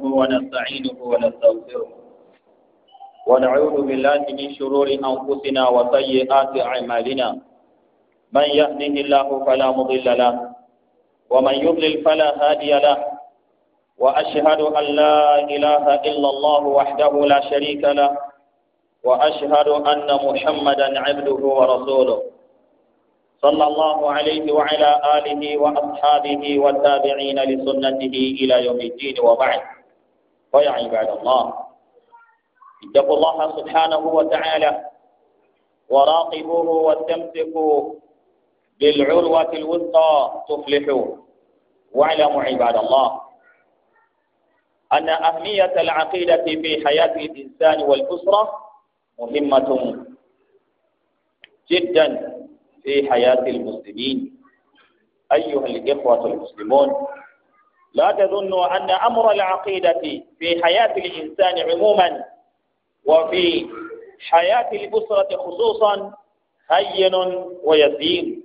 نحمده ونستعينه ونستغفره ونعوذ بالله من شرور أنفسنا وسيئات أعمالنا من يهده الله فلا مضل له ومن يضلل فلا هادي له وأشهد أن لا إله إلا الله وحده لا شريك له وأشهد أن محمدا عبده ورسوله صلى الله عليه وعلى آله وأصحابه والتابعين لسنته إلى يوم الدين وبعد ويا عباد الله اتقوا الله سبحانه وتعالى وراقبوه واستمسكوا بالعروة الوثقى تفلحوا واعلموا عباد الله أن أهمية العقيدة في حياة الإنسان والأسرة مهمة جدا في حياة المسلمين أيها الإخوة المسلمون لا تظنوا أن أمر العقيدة في حياة الإنسان عموما وفي حياة الأسرة خصوصا هين ويسير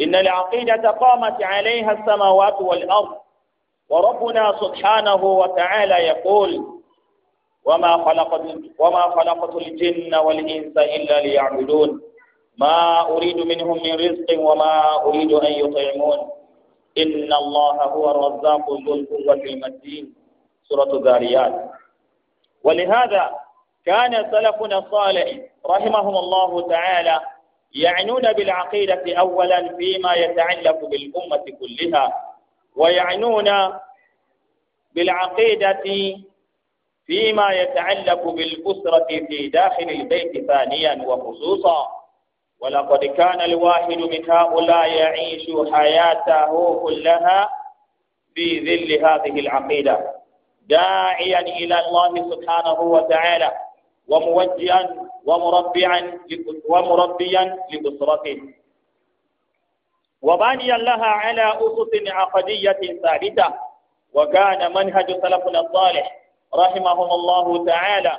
إن العقيدة قامت عليها السماوات والأرض وربنا سبحانه وتعالى يقول وما خلقت وما خلقت الجن والإنس إلا ليعبدون ما أريد منهم من رزق وما أريد أن يطعمون إن الله هو الرزاق ذو القوة المتين سورة الذاريات ولهذا كان سلفنا الصالح رحمهم الله تعالى يعنون بالعقيدة أولا فيما يتعلق بالأمة كلها ويعنون بالعقيدة فيما يتعلق بالأسرة في داخل البيت ثانيا وخصوصا ولقد كان الواحد من هؤلاء يعيش حياته كلها في ظل هذه العقيدة داعيا إلى الله سبحانه وتعالى وموجها ومربعا ومربيا لأسرته وبانيا لها على أسس عقدية ثابتة وكان منهج سلفنا الصالح رحمهم الله تعالى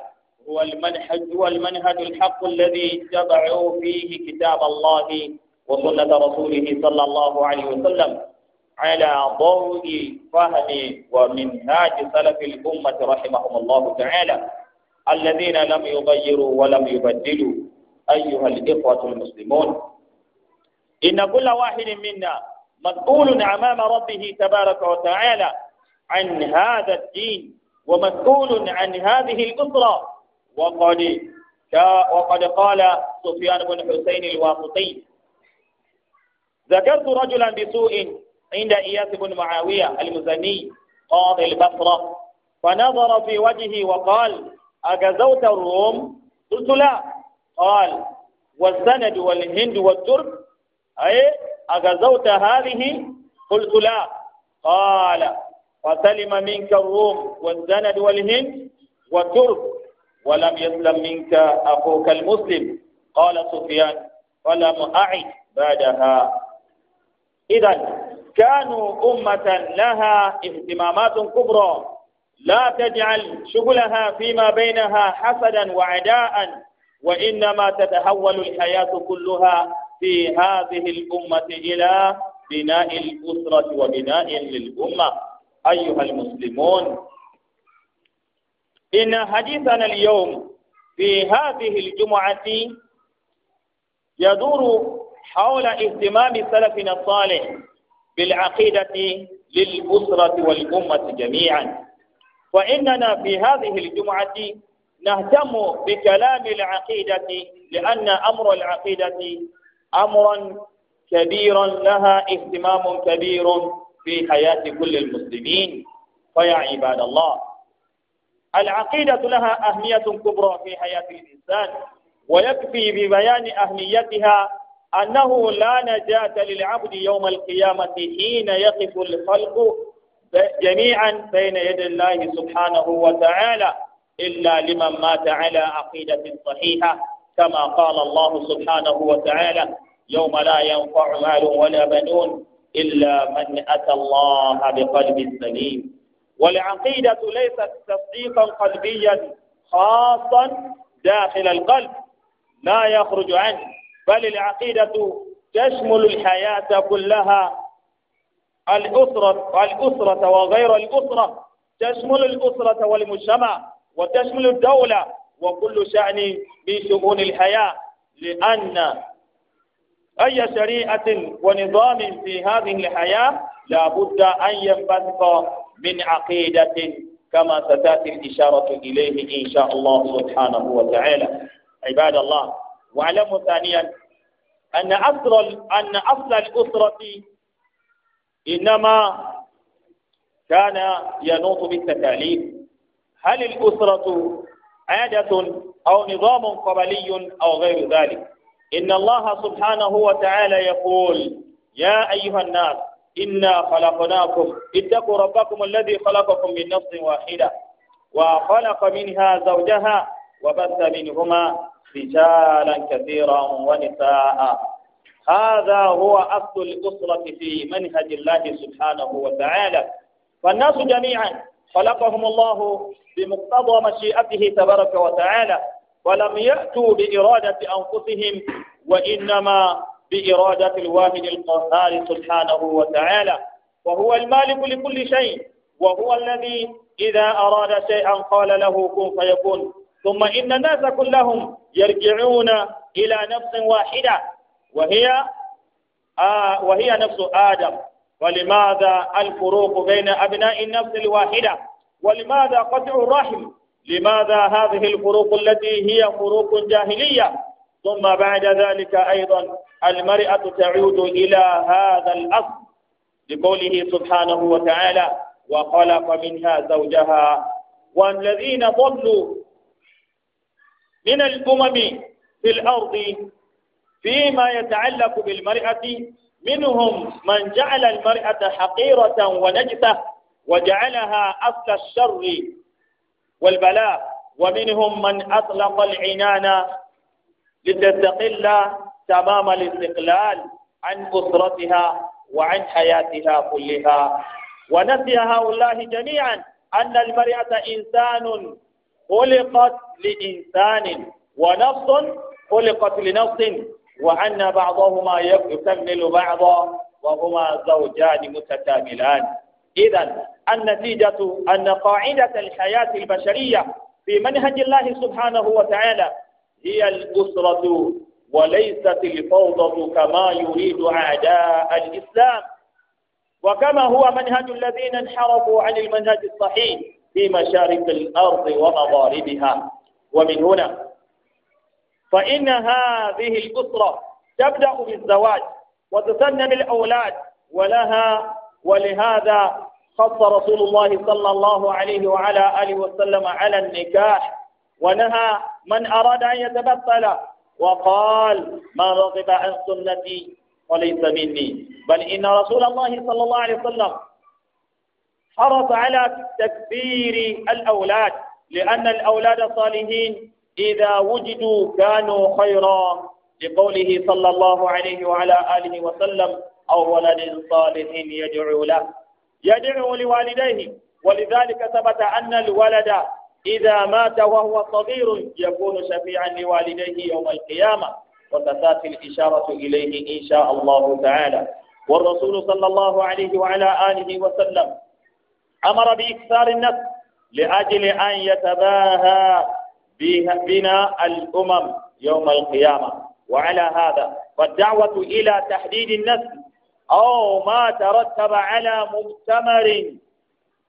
هو المنهج هو المنهج الحق الذي اتبعوا فيه كتاب الله وسنة رسوله صلى الله عليه وسلم على ضوء فهم ومنهاج سلف الأمة رحمهم الله تعالى الذين لم يغيروا ولم يبدلوا أيها الإخوة المسلمون إن كل واحد منا مسؤول أمام ربه تبارك وتعالى عن هذا الدين ومسؤول عن هذه الأسرة وقد وقد قال سفيان بن حسين الواسطي ذكرت رجلا بسوء عند إياس بن معاوية المزني قاضي البصرة فنظر في وجهه وقال أجزوت الروم قلت لا قال والسند والهند والترك أي أجزوت هذه قلت لا قال وسلم منك الروم والسند والهند والترك ولم يسلم منك أخوك المسلم قال سفيان ولم أعد بعدها إذا كانوا أمة لها اهتمامات كبرى لا تجعل شغلها فيما بينها حسدا وعداء وإنما تتحول الحياة كلها في هذه الأمة إلى بناء الأسرة وبناء للأمة أيها المسلمون إن حديثنا اليوم في هذه الجمعة يدور حول اهتمام سلفنا الصالح بالعقيدة للأسرة والأمة جميعا وإننا في هذه الجمعة نهتم بكلام العقيدة لأن أمر العقيدة أمرا كبيرا لها اهتمام كبير في حياة كل المسلمين فيا عباد الله العقيدة لها أهمية كبرى في حياة الإنسان ويكفي ببيان أهميتها أنه لا نجاة للعبد يوم القيامة حين يقف الخلق جميعا بين يد الله سبحانه وتعالى إلا لمن مات على عقيدة صحيحة كما قال الله سبحانه وتعالى يوم لا ينفع مال ولا بنون إلا من أتى الله بقلب سليم والعقيدة ليست تصديقا قلبيا خاصا داخل القلب لا يخرج عنه بل العقيدة تشمل الحياة كلها الأسرة الأسرة وغير الأسرة تشمل الأسرة والمجتمع وتشمل الدولة وكل شأن من شؤون الحياة لأن أي شريعة ونظام في هذه الحياة لابد أن ينبثق من عقيدة كما ستأتي الإشارة إليه إن شاء الله سبحانه وتعالى عباد الله واعلموا ثانيا أن أصل أن أصل الأسرة إنما كان ينوط بالتكاليف هل الأسرة عادة أو نظام قبلي أو غير ذلك إن الله سبحانه وتعالى يقول يا أيها الناس إنا خلقناكم اتقوا ربكم الذي خلقكم من نفس واحدة وخلق منها زوجها وبث منهما رجالا كثيرا ونساء هذا هو أصل الأسرة في منهج الله سبحانه وتعالى فالناس جميعا خلقهم الله بمقتضى مشيئته تبارك وتعالى ولم يأتوا بإرادة أنفسهم وإنما بإرادة الواحد القهار سبحانه وتعالى وهو المالك لكل شيء وهو الذي إذا أراد شيئا قال له كن فيكون ثم إن الناس كلهم يرجعون إلى نفس واحدة وهي آه وهي نفس آدم ولماذا الفروق بين أبناء النفس الواحدة ولماذا قطع الرحم لماذا هذه الفروق التي هي فروق جاهلية ثم بعد ذلك أيضا المرأة تعود إلى هذا الأصل لقوله سبحانه وتعالى وخلق منها زوجها والذين ضلوا من الأمم في الأرض فيما يتعلق بالمرأة منهم من جعل المرأة حقيرة ونجسة وجعلها أصل الشر والبلاء ومنهم من أطلق العنان لتستقل تمام الاستقلال عن أسرتها وعن حياتها كلها ونسي هؤلاء جميعا أن المرأة إنسان خلقت لإنسان ونفس خلقت لنفس وأن بعضهما يكمل بعضا وهما زوجان متكاملان إذا النتيجة أن قاعدة الحياة البشرية في منهج الله سبحانه وتعالى هي الأسرة وليست الفوضى كما يريد أعداء الإسلام وكما هو منهج الذين انحرفوا عن المنهج الصحيح في مشارق الأرض ومغاربها ومن هنا فإن هذه الأسرة تبدأ بالزواج وتثنى بالأولاد ولها ولهذا خص رسول الله صلى الله عليه وعلى آله وسلم على النكاح ونهى من أراد أن يتبطل وقال من رغب عن سنتي وليس مني بل إن رسول الله صلى الله عليه وسلم حرص على تكبير الأولاد لأن الأولاد الصالحين إذا وجدوا كانوا خيرا لقوله صلى الله عليه وعلى آله وسلم أو ولد صالح يدعو له يدعو لوالديه ولذلك ثبت أن الولد إذا مات وهو صغير يكون شفيعا لوالديه يوم القيامة وتتاتي الإشارة إليه إن شاء الله تعالى والرسول صلى الله عليه وعلى آله وسلم أمر بإكثار النفس لأجل أن يتباهى بنا الأمم يوم القيامة وعلى هذا فالدعوة إلى تحديد النسل أو ما ترتب على مؤتمر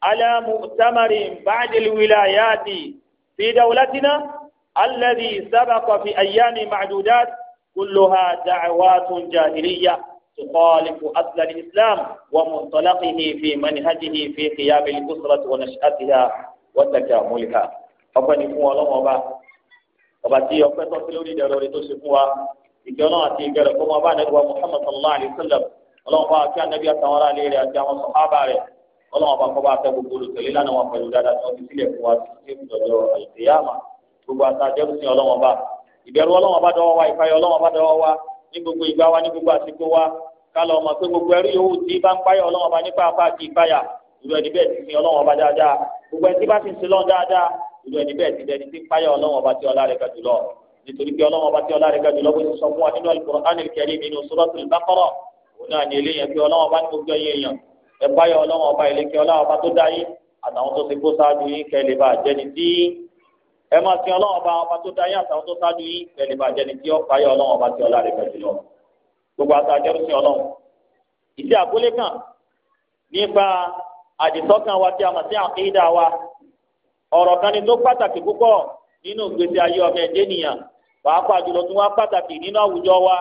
على مؤتمر بعد الولايات في دولتنا الذي سبق في أيام معدودات كلها دعوات جاهلية تخالف أصل الإسلام ومنطلقه في منهجه في قيام الأسرة ونشأتها وتكاملها ọpẹ́ ní fún Ọlọ́run ọba ọba tí ọpẹ́ tó ti lórí ìdẹrọ rẹ̀ tó ṣe fún wa ìgbẹ́ Ọlọ́run àti ìgbẹ́ rẹ̀ kó máa bá anabi wa Muhammad sallallahu alayhi wa sallam Ọlọ́run bá akí anabi àtàwọn ará ilé rẹ̀ àti àwọn sọhábà rẹ̀ ọlọ́wọ́n bá kọ́ bá fẹ́ gbogbo olùtẹ̀lé lánàá wọn pẹ̀lú dáadáa tí wọ́n ti sílẹ̀ fún wa títí tí ìdọ̀jọ́ àìsèyáàmà gbogbo àtàjẹ́rù sí ọlọ́wọ́n bá ìbẹ̀rù ọlọ́wọ́n bá dọ́wọ́ wa ìfàyà ọlọ́wọ́n bá dọ́wọ́ wa ní gbogbo ìgbà wa ní gbogbo àsìkò wa kálọ̀ ọmọ pé gbogbo ẹrú yòówù tí bá ń páyà ọlọ́wọ́n bá nípa apá àti ìpáyà ìlú ẹni bẹ́ẹ̀ ti sin ọlọ́wọ́n bá dáadáa gbogbo ẹni tí bá ti sin lọ́n dáadáa ìlú ẹni bẹ́ẹ̀ ti dẹni tí ń páyà ọlọ́wọ́n bá ti Al-Qur'an Al-Karim nínú Suratul Baqara òun náà ní eléyẹn pé ọlọ́wọ́n bá ní ẹ̀bá yọ ọlọ́wọ́n ọba ìlẹ́kẹ́ ọlọ́wọ́n ọba tó dá yín àtàwọn tó ti kó sáájú yín kẹ́ lè bá jẹ́ni tí ẹ máa sin ọlọ́wọ́n ọba ọba tó dá yín àtàwọn tó sáájú yín kẹ́ lè bá jẹ́ni tí ọ̀pá yọ ọlọ́wọ́n ọba tí ọlá rẹ̀ fẹ́ jùlọ. gbogbo àtàjẹ́rú sin ọlọ́wọ́n ìdí àkólé kan nípa àdìsọ́kàn wa tí a mọ̀ sí àkídà wa ọ̀rọ̀ kan ni tó pàtàkì púpọ̀ nínú ìgbésí ayé ọmọ ẹ̀dẹ́ nìyàn pàápàá jùlọ tí wọ́n pàtàkì nínú àwùjọ wa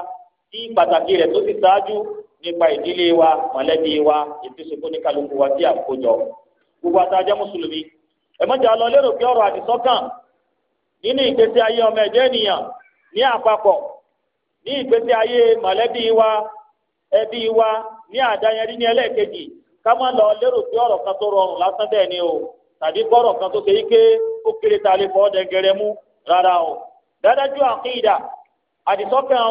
tí pàtàkì rẹ̀ tó ti ṣáájú nípa ìdílé wa mọ̀lẹ́bí wa ìfisùnkú ní kálukú wa tí a kó jọ. gbogbo àtàjẹ́ mùsùlùmí ẹ̀mọ́jà lọ lérò pé ọ̀rọ̀ àdìsọ́kàn nínú ìgbésí ayé ọmọ ẹ̀jẹ̀ ènìyàn ní àpapọ̀ ní ìgbésí ayé mọ̀lẹ́bí wa ẹbí wa ní àdáyẹrí ní ẹlẹ́ẹ̀kejì ká má lọ kan tó rọrùn lásán bẹ́ẹ̀ ni o tàbí kan tó ó kéré ta lè fọ́ mú rárá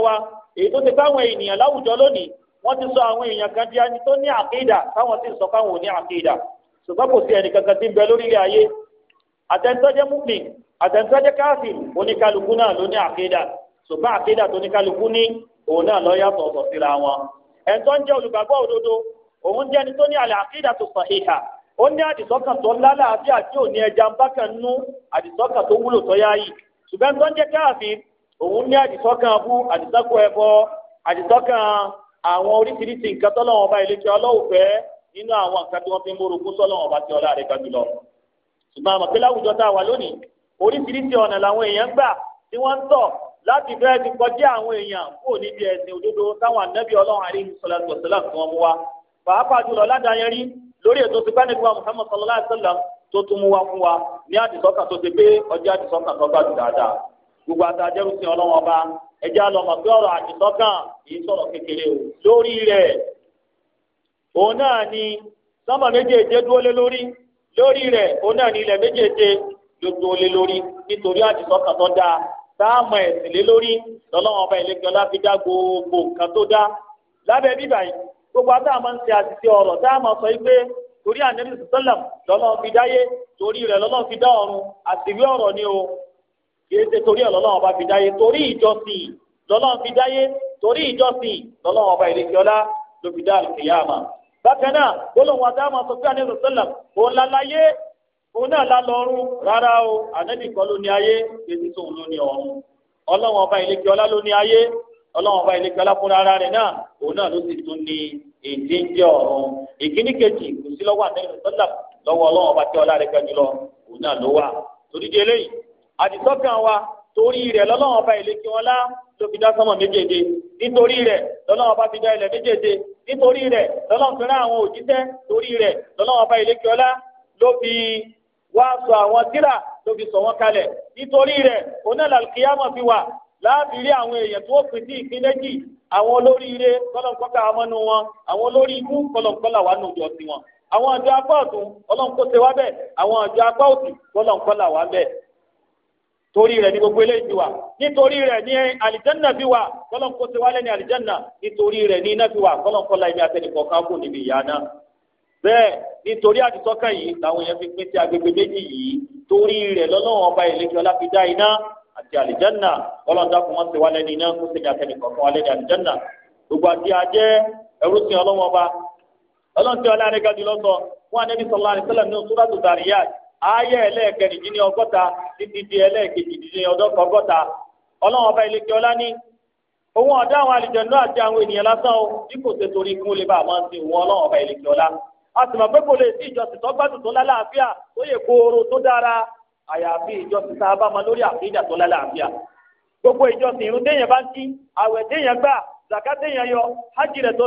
wa èyí tó ti ènìyàn láwùjọ lónìí wọ́n ti sọ àwọn èèyàn kan di ẹni tó ní àkídà táwọn sì sọ káwọn ò ní àkídà ṣùgbọ́n kò sí ẹnì kankan tí ń bẹ lórílẹ̀ ayé àtẹnudọ́jẹ́ múmi àtẹnudọ́jẹ́ káàfì oníkálukú náà ló ní àkídà ṣùgbọ́n àkídà tó oníkálukú ní òun náà yàtọ̀ ọ̀tọ̀ síra wọn. ń jẹ́ olùgbàgbọ́ òdodo òun jẹ́ ẹni tó ní àlẹ́ tó ó ní àdìsọ́kàn tó lálàáfíà tí ò ní ẹja ń bá kan nú àdìsọ́kàn tó wúlò tó àwọn oríṣiríṣi nǹkan tọ́lọ́wọ́n ọba ilé tí ọlọ́wọ́ fẹ́ nínú àwọn nǹkan tí wọ́n fi ń borokún sọ́lọ́wọ́n ọba tí ọlá rẹ̀ ga jùlọ. ṣùgbọ́n àmọ̀ pé láwùjọ tá a wà lónìí oríṣiríṣi ọ̀nà làwọn èèyàn gbà tí wọ́n ń tọ̀ láti fẹ́ ti kọjá àwọn èèyàn kó o níbi ẹ̀sìn òdodo táwọn ànábì ọlọ́run àríyìn sọlá alayhi wa sallam tó tún mú wa fún wa ní àdìsọ́kàn tó ti pé ọjọ́ àdìsọ́kàn tó gbàdúrà dáadáa ẹjẹ alọmọ pé ọ̀rọ̀ àdìsọkàn yìí sọ̀rọ̀ kékeré o lórí rẹ̀ òun náà ni sọmọ méjèèje dúró lé lórí lórí rẹ̀ òun náà ni ilẹ̀ méjèèje ló dúró lé lórí nítorí àdìsọkàn tó dáa sáàmù ẹ̀sìn lé lórí lọ́lọ́wọ́n ọba ìlẹ́kẹ́ ọlá fi dá gbogbo nǹkan tó dá lábẹ́ bíbà yìí gbogbo àti àmọ́ ń ṣe àṣìṣe ọ̀rọ̀ sáàmù sọ yìí pé torí ànẹ́bí sọ́lọ̀m lọ́lọ́wọ́n fi dáyé torí rẹ̀ lọ́lọ́wọ́n fi dá ọ̀run àṣìwé ọ̀rọ̀ ni o kìí ṣe torí ọlọ́lọ́wọ́n ọba fi dáyé torí ìjọsìn lọ́lọ́wọ́n fi dáyé torí ìjọsìn lọ́lọ́wọ́n ọba ìrèké ọlá ló fi dá àlùkìyàmà. bákan náà gbólóhùn adáàmà sọ pé àníṣe sọlá òun láláyé òun náà lálọ́rùn rárá o ànábì kan ló ní ayé èsì tóun ló ní ọ̀run ọlọ́wọ́n ọba ìrèké ọlá ló ní ayé ọlọ́wọ́n ọba ìrèké ọlá fúnra ara rẹ̀ náà òun náà ló sì tún ní èdè jẹ́ ọ̀run ìkíní kejì kò sí lọ́wọ́ ànábì lọ́wọ́ ọlọ́wọ́n ọba tí ọlá rẹ̀ kẹ́ jùlọ òun náà ló wà torí di eléyìí àdìsọ́kàn wa torí rẹ̀ lọ́lọ́wọ́n ọba ìlẹ́kí wọn lá ló fi dá sánmọ̀ méjèèje nítorí rẹ̀ lọ́lọ́wọ́n ọba fi dá ilẹ̀ méjèèje nítorí rẹ̀ lọ́lọ́wọ́n fi rán àwọn òjíṣẹ́ torí rẹ̀ lọ́lọ́wọ́n ọba ìlẹ́kí ọlá ló fi wá sọ àwọn tírà ló fi sọ wọn kalẹ̀ nítorí rẹ̀ onílà kìyàmọ̀ fi wà láàbì rí àwọn èèyàn tó pín sí ìpín méjì àwọn olóríire kọlọ̀nkọ́ta amọ́nu wọn àwọn olórí ikú kọlọ̀nkọ́là wà nù jọ sí wọn àwọn àjọ apá ọ̀tún ọlọ́nkọ́ wá bẹ́ẹ̀ àwọn àjọ apá òsì kọlọ̀nkọ́là wà bẹ́ẹ̀ torí rẹ̀ ni gbogbo eléyìí ti wà nítorí rẹ̀ ni alijanna fi wà kọlọńkó ti wálé ní alijanna nítorí rẹ̀ ni iná fi wà kọlọńkó la ẹ̀mí atẹnìkọ̀ọ̀kan kù níbi ìyá náà bẹ́ẹ̀ nítorí àdìsọ́kàn yìí làwọn èèyàn fi pín sí agbègbè méjì yìí torí rẹ̀ lọ́lọ́wọ́n ọba ìlẹ́kẹ́ ọlá fi dá iná àti alijanna kọlọ́ńdà fún wọn ti wálé ní iná kó sèmi atẹnìkọ̀ọ̀kan wálé ní alijanna gbogbo àti ayé ẹlẹ́ẹ̀kẹrìndín ní ọgọ́ta títí di ẹlẹ́ẹ̀kejìdín ní ọgọ́ta ọlọ́run ọba ilé kíọ́lá ní òun ọ̀dá àwọn àlìjẹ̀nú àti àwọn ènìyàn lásán o bí kò ṣe torí kí wọ́n lè bá àmọ́ sí òun ọlọ́run ọba ilé kíọ́lá a sì mọ̀ pé kò lè sí ìjọsìn tó gbádùn tó lálàáfíà tó yẹ tó dára àyàfi ìjọsìn tá a bá mọ gbogbo ìjọsìn irun téèyàn bá ń àwẹ̀ téèyàn gbà zaka téèyàn yọ hajj rẹ̀ tó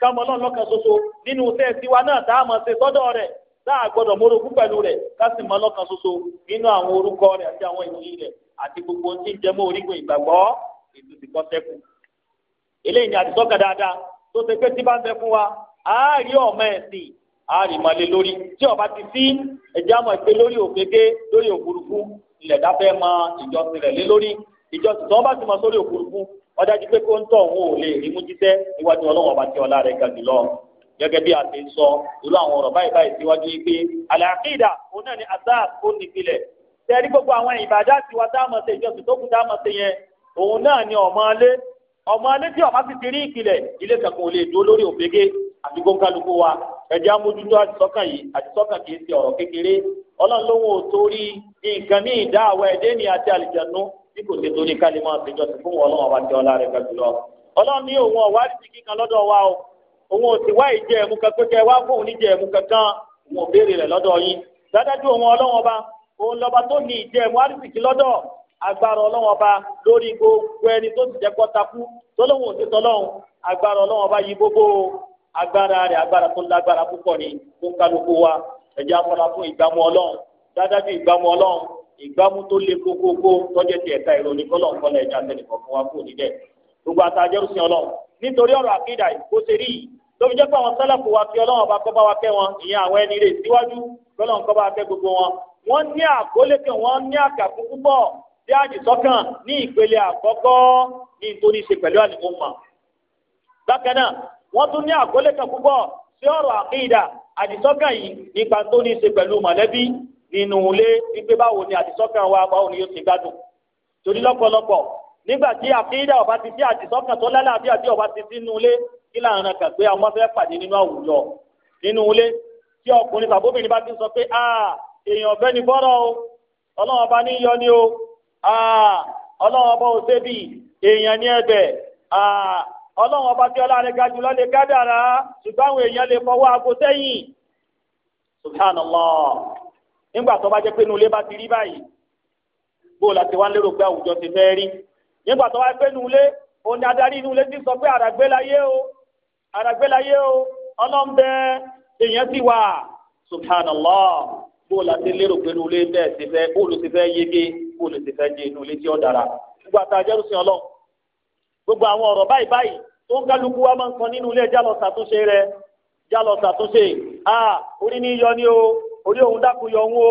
kámọ́ náà lọ́kàn ṣoṣo nínú iṣẹ́ tiwa náà tá a mọ̀ ṣe sọ́dọ̀ rẹ̀ tá a gbọ́dọ̀ mórogún pẹ̀lú rẹ̀ ká sì mọ́ lọ́kàn ṣoṣo nínú àwọn orúkọ rẹ̀ àti àwọn ìròyìn rẹ̀ àti gbogbo ohun tí ń jẹmọ́ orígun ìgbàgbọ́ ètò ìkọ́ sẹ́kù. eléyìí ni àdìsọ́kà dáadáa tó ṣe pé tí bá ń bẹ fún wa àárí ọmọ ẹ̀sìn àárí mọ́lẹ̀ lórí tí ọba ti sí ẹ̀jẹ̀ àmọ́ ìpè lórí òfegè lórí òfurufú ilẹ̀ dáfẹ́ mọ ìjọsìn rẹ̀ lé lórí ìjọsìn tí wọ́n bá ti mọ sórí òfurufú ọdájú pé kó ń tọ̀ òun ò lè rí mú jíṣẹ́ iwájú ọlọ́run ọba tí ọlá rẹ̀ ga jùlọ gẹ́gẹ́ bí a ti sọ irú àwọn ọ̀rọ̀ báyìí báyìí síwájú yìí pé àlàáfíìdà òun náà ni azab ó nípìnlẹ̀ tẹ́rí gbogbo àwọn ìbàdá tiwa dáàmọ̀ ṣe ìjọsìn tó kù dáàmọ̀ ṣe yẹn òun náà ni ọmọ alẹ́ ọmọ alẹ́ tí ọmọ sì ti rí ìpìlẹ̀ ilé kankan ò lè dúró lórí òfegè àti gbóǹkálukú wa ẹ̀jẹ̀ amójútó àtisọ́kàn yìí àtisọ́kàn kì í ṣe ọ̀rọ̀ kékeré ọlọ́run lóhun ò torí nǹkan ní ìdá àwọn ẹ̀dẹ́ ni àti àlìjẹ̀nu tí kò sí torí ká lè máa ṣèjọ sí fún wọn ọlọ́run ọba tí ọlá rẹ̀ gbẹ̀gbẹ̀ lọ. ọlọ́run ní òun ọ̀wá àdìsí kíkan lọ́dọ̀ wa o òun ò sì wá ìjẹ ẹ̀mú kankan kẹ wá fóun níjẹ ẹ̀mú kankan òun ò béèrè rẹ̀ lọ́dọ̀ yín. dájú òun ọlọ́run ọba òun lọ́ba tó ní ìjẹ ẹ̀mú àdìsí kí lọ́dọ̀ agbára ọlọ́run ọba lórí gbogbo ẹni tó ìgbámú tó le kókókó tọ́jẹ́ ti ẹ̀ka ìròyìn kọ́lọ̀ ńkọ́lẹ̀ ẹ̀dá tẹnìkọ̀ fún wa kó níbẹ̀ gbogbo àtàjọ sí ọlọ́run nítorí ọ̀rọ̀ àkídà kó ṣe rí tó fi jẹ́ pé àwọn sálàfù wa fi ọlọ́run ọba kọ́ba wa kẹ́ wọn ìyẹn àwọn ẹni rè síwájú kọ́lọ̀ ńkọ́ba wa kẹ́ gbogbo wọn wọ́n ní àkólé kan wọ́n ní àkàkú púpọ̀ sí àdìsọ́kàn ní ìpele àkọ́kọ́ ní nítorí ṣe pẹ̀lú àlùmọ́ọ̀mà bákan náà wọ́n tún ní àkólé kan púpọ̀ sí ọ̀rọ̀ àkídà àdìsọ́kàn yìí nípa tó ní ṣe pẹ̀lú mọ̀lẹ́bí nínú ilé wípé báwo ni àdìsọ́kàn wa báwo ni yóò ṣe gbádùn torí lọ́pọ̀lọpọ̀ nígbà tí àfihàn ọba ti sí àdìsọ́kàn tó lálàáfíà bí ọba ti sí nínú ilé kí láàrin kan pé àwọn fẹ́ pàdé nínú àwùjọ nínú ilé tí ọkùnrin tàbóbìnrin bá ti sọ pé a èèyàn ọ̀fẹ́ ni bọ́rọ̀ o ọlọ́run ọba ní yọ ni o a ọlọ́run ọba ò débi èèyàn ní a ọlá ga jùlọ lè èèyàn lè fọwọ́ nígbà tó bá jẹ́ pé nulẹ̀ bá ti rí báyìí bó la ti wá lérò pé àwùjọ ti fẹ́ rí nígbà tó bá pé nulẹ̀ òun adarí nulẹ̀ ti sọ pé àràgbélayé o àràgbélayé o ọlọ́mbẹ èèyàn ti wà subhanallah bó la ti lérò pé nulẹ̀ bẹ́ẹ̀ ti fẹ́ bó ló ti fẹ́ yege bó ló ti fẹ́ jẹ nulẹ̀ tí ó dára nígbà tá a jẹ́rù sí ọlọ́run gbogbo àwọn ọ̀rọ̀ báyìí báyìí tó ń kálukú wa máa ń kan nínú ilé jálọ̀ ṣàtúnṣe rẹ̀ jálọ̀ ṣàtúnṣe a orí ní yọ ni o orí òun dákun yọ òun o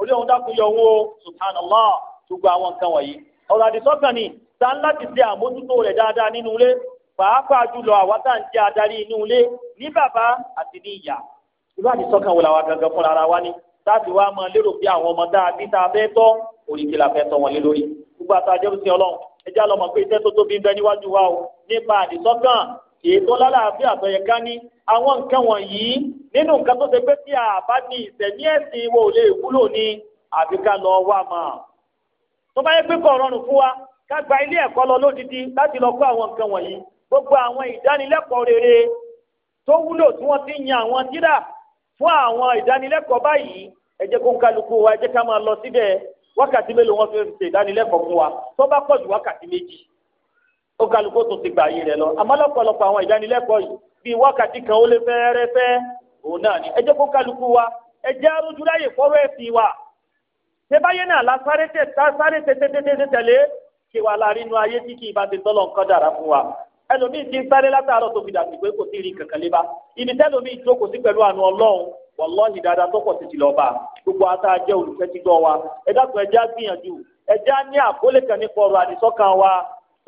orí òun dákun yọ òun o subhanallah gbogbo àwọn nǹkan wọ̀nyí ọ̀rọ̀ àdìsọ́kàn ni tá ń láti ṣe àmójútó rẹ̀ dáadáa nínú ilé pàápàá jùlọ àwa tá ń jẹ́ adarí inú ilé ní bàbá àti ní ìyá irú àdìsọ́kàn wo làwa gangan fúnra ara wa ni láti wá máa lérò bí àwọn ọmọ dáa bí tá a fẹ́ tọ́ òrìkì la fẹ́ tọ́ wọn lé lórí gbogbo àtàjẹ́ òsì ọlọ́run ẹjẹ́ àlọ́mọ pé iṣẹ́ tó tóbi ń bẹ níwájú wa o nípa àdìsọ́kàn ètò lálàáfíà tó yẹ ká ní àwọn nǹkan wọ̀nyí nínú nǹkan tó ṣe pé tí a bá ní ìsẹ̀mí ẹ̀sìn wo ò lè wúlò ní àfi ká lọ wá mà. tó bá yẹ pé kò rọrùn fún wa ká gba ilé ẹ̀kọ́ lọ lódidi láti lọ kó àwọn nǹkan wọ̀nyí gbogbo àwọn ìdánilẹ́kọ̀ọ́ rere tó wúlò tí wọ́n ti yan àwọn dídà fún àwọn ìdánilẹ́kọ̀ọ́ báyìí ẹ jẹ́ kó ń kálukú wa ẹ jẹ́ ká máa lọ síbẹ̀ wákàtí mélòó wọn fi ṣe ìdánilẹ́kọ̀ọ́ fún wa tó bá pọ̀ ju wákàtí méjì ó kálukó tó ti gbà yé rẹ lọ àmọ́ lọ́pọ̀lọpọ̀ àwọn ìdánilẹ́kọ̀ọ́ yìí bíi wákàtí kan ó lé fẹ́ẹ́rẹ́fẹ́ òun náà ni ẹ jẹ́ kó kálukú wa ẹ jẹ́ arójú láyè fọ́rọ́ ẹ̀sìn wa tẹ́báyé náà la sáré tẹ̀ sáré tẹ́tẹ́tẹ́tẹ́ tẹ̀lé kí wa la rí inú ayé tí kì í bá ti tọ́lọ̀ nǹkan dára fún wa ẹlòmíì ti ń sáré látàárọ̀ tó fi dàbí pé kò sí rí kankan lé bá ibi tẹ́lòmíì jókòó sí pẹ̀lú àánú ọlọ́run wàlọ́ọ̀hì dáadáa tó pọ̀ sí ti lọ bá gbogbo ata jẹ́ olùfẹ́ ti gbọ́ wa ẹ dákun ẹ já gbìyànjú ẹ já ní àkólé kan nípa ọ̀rọ̀ àdìsọ́kan wa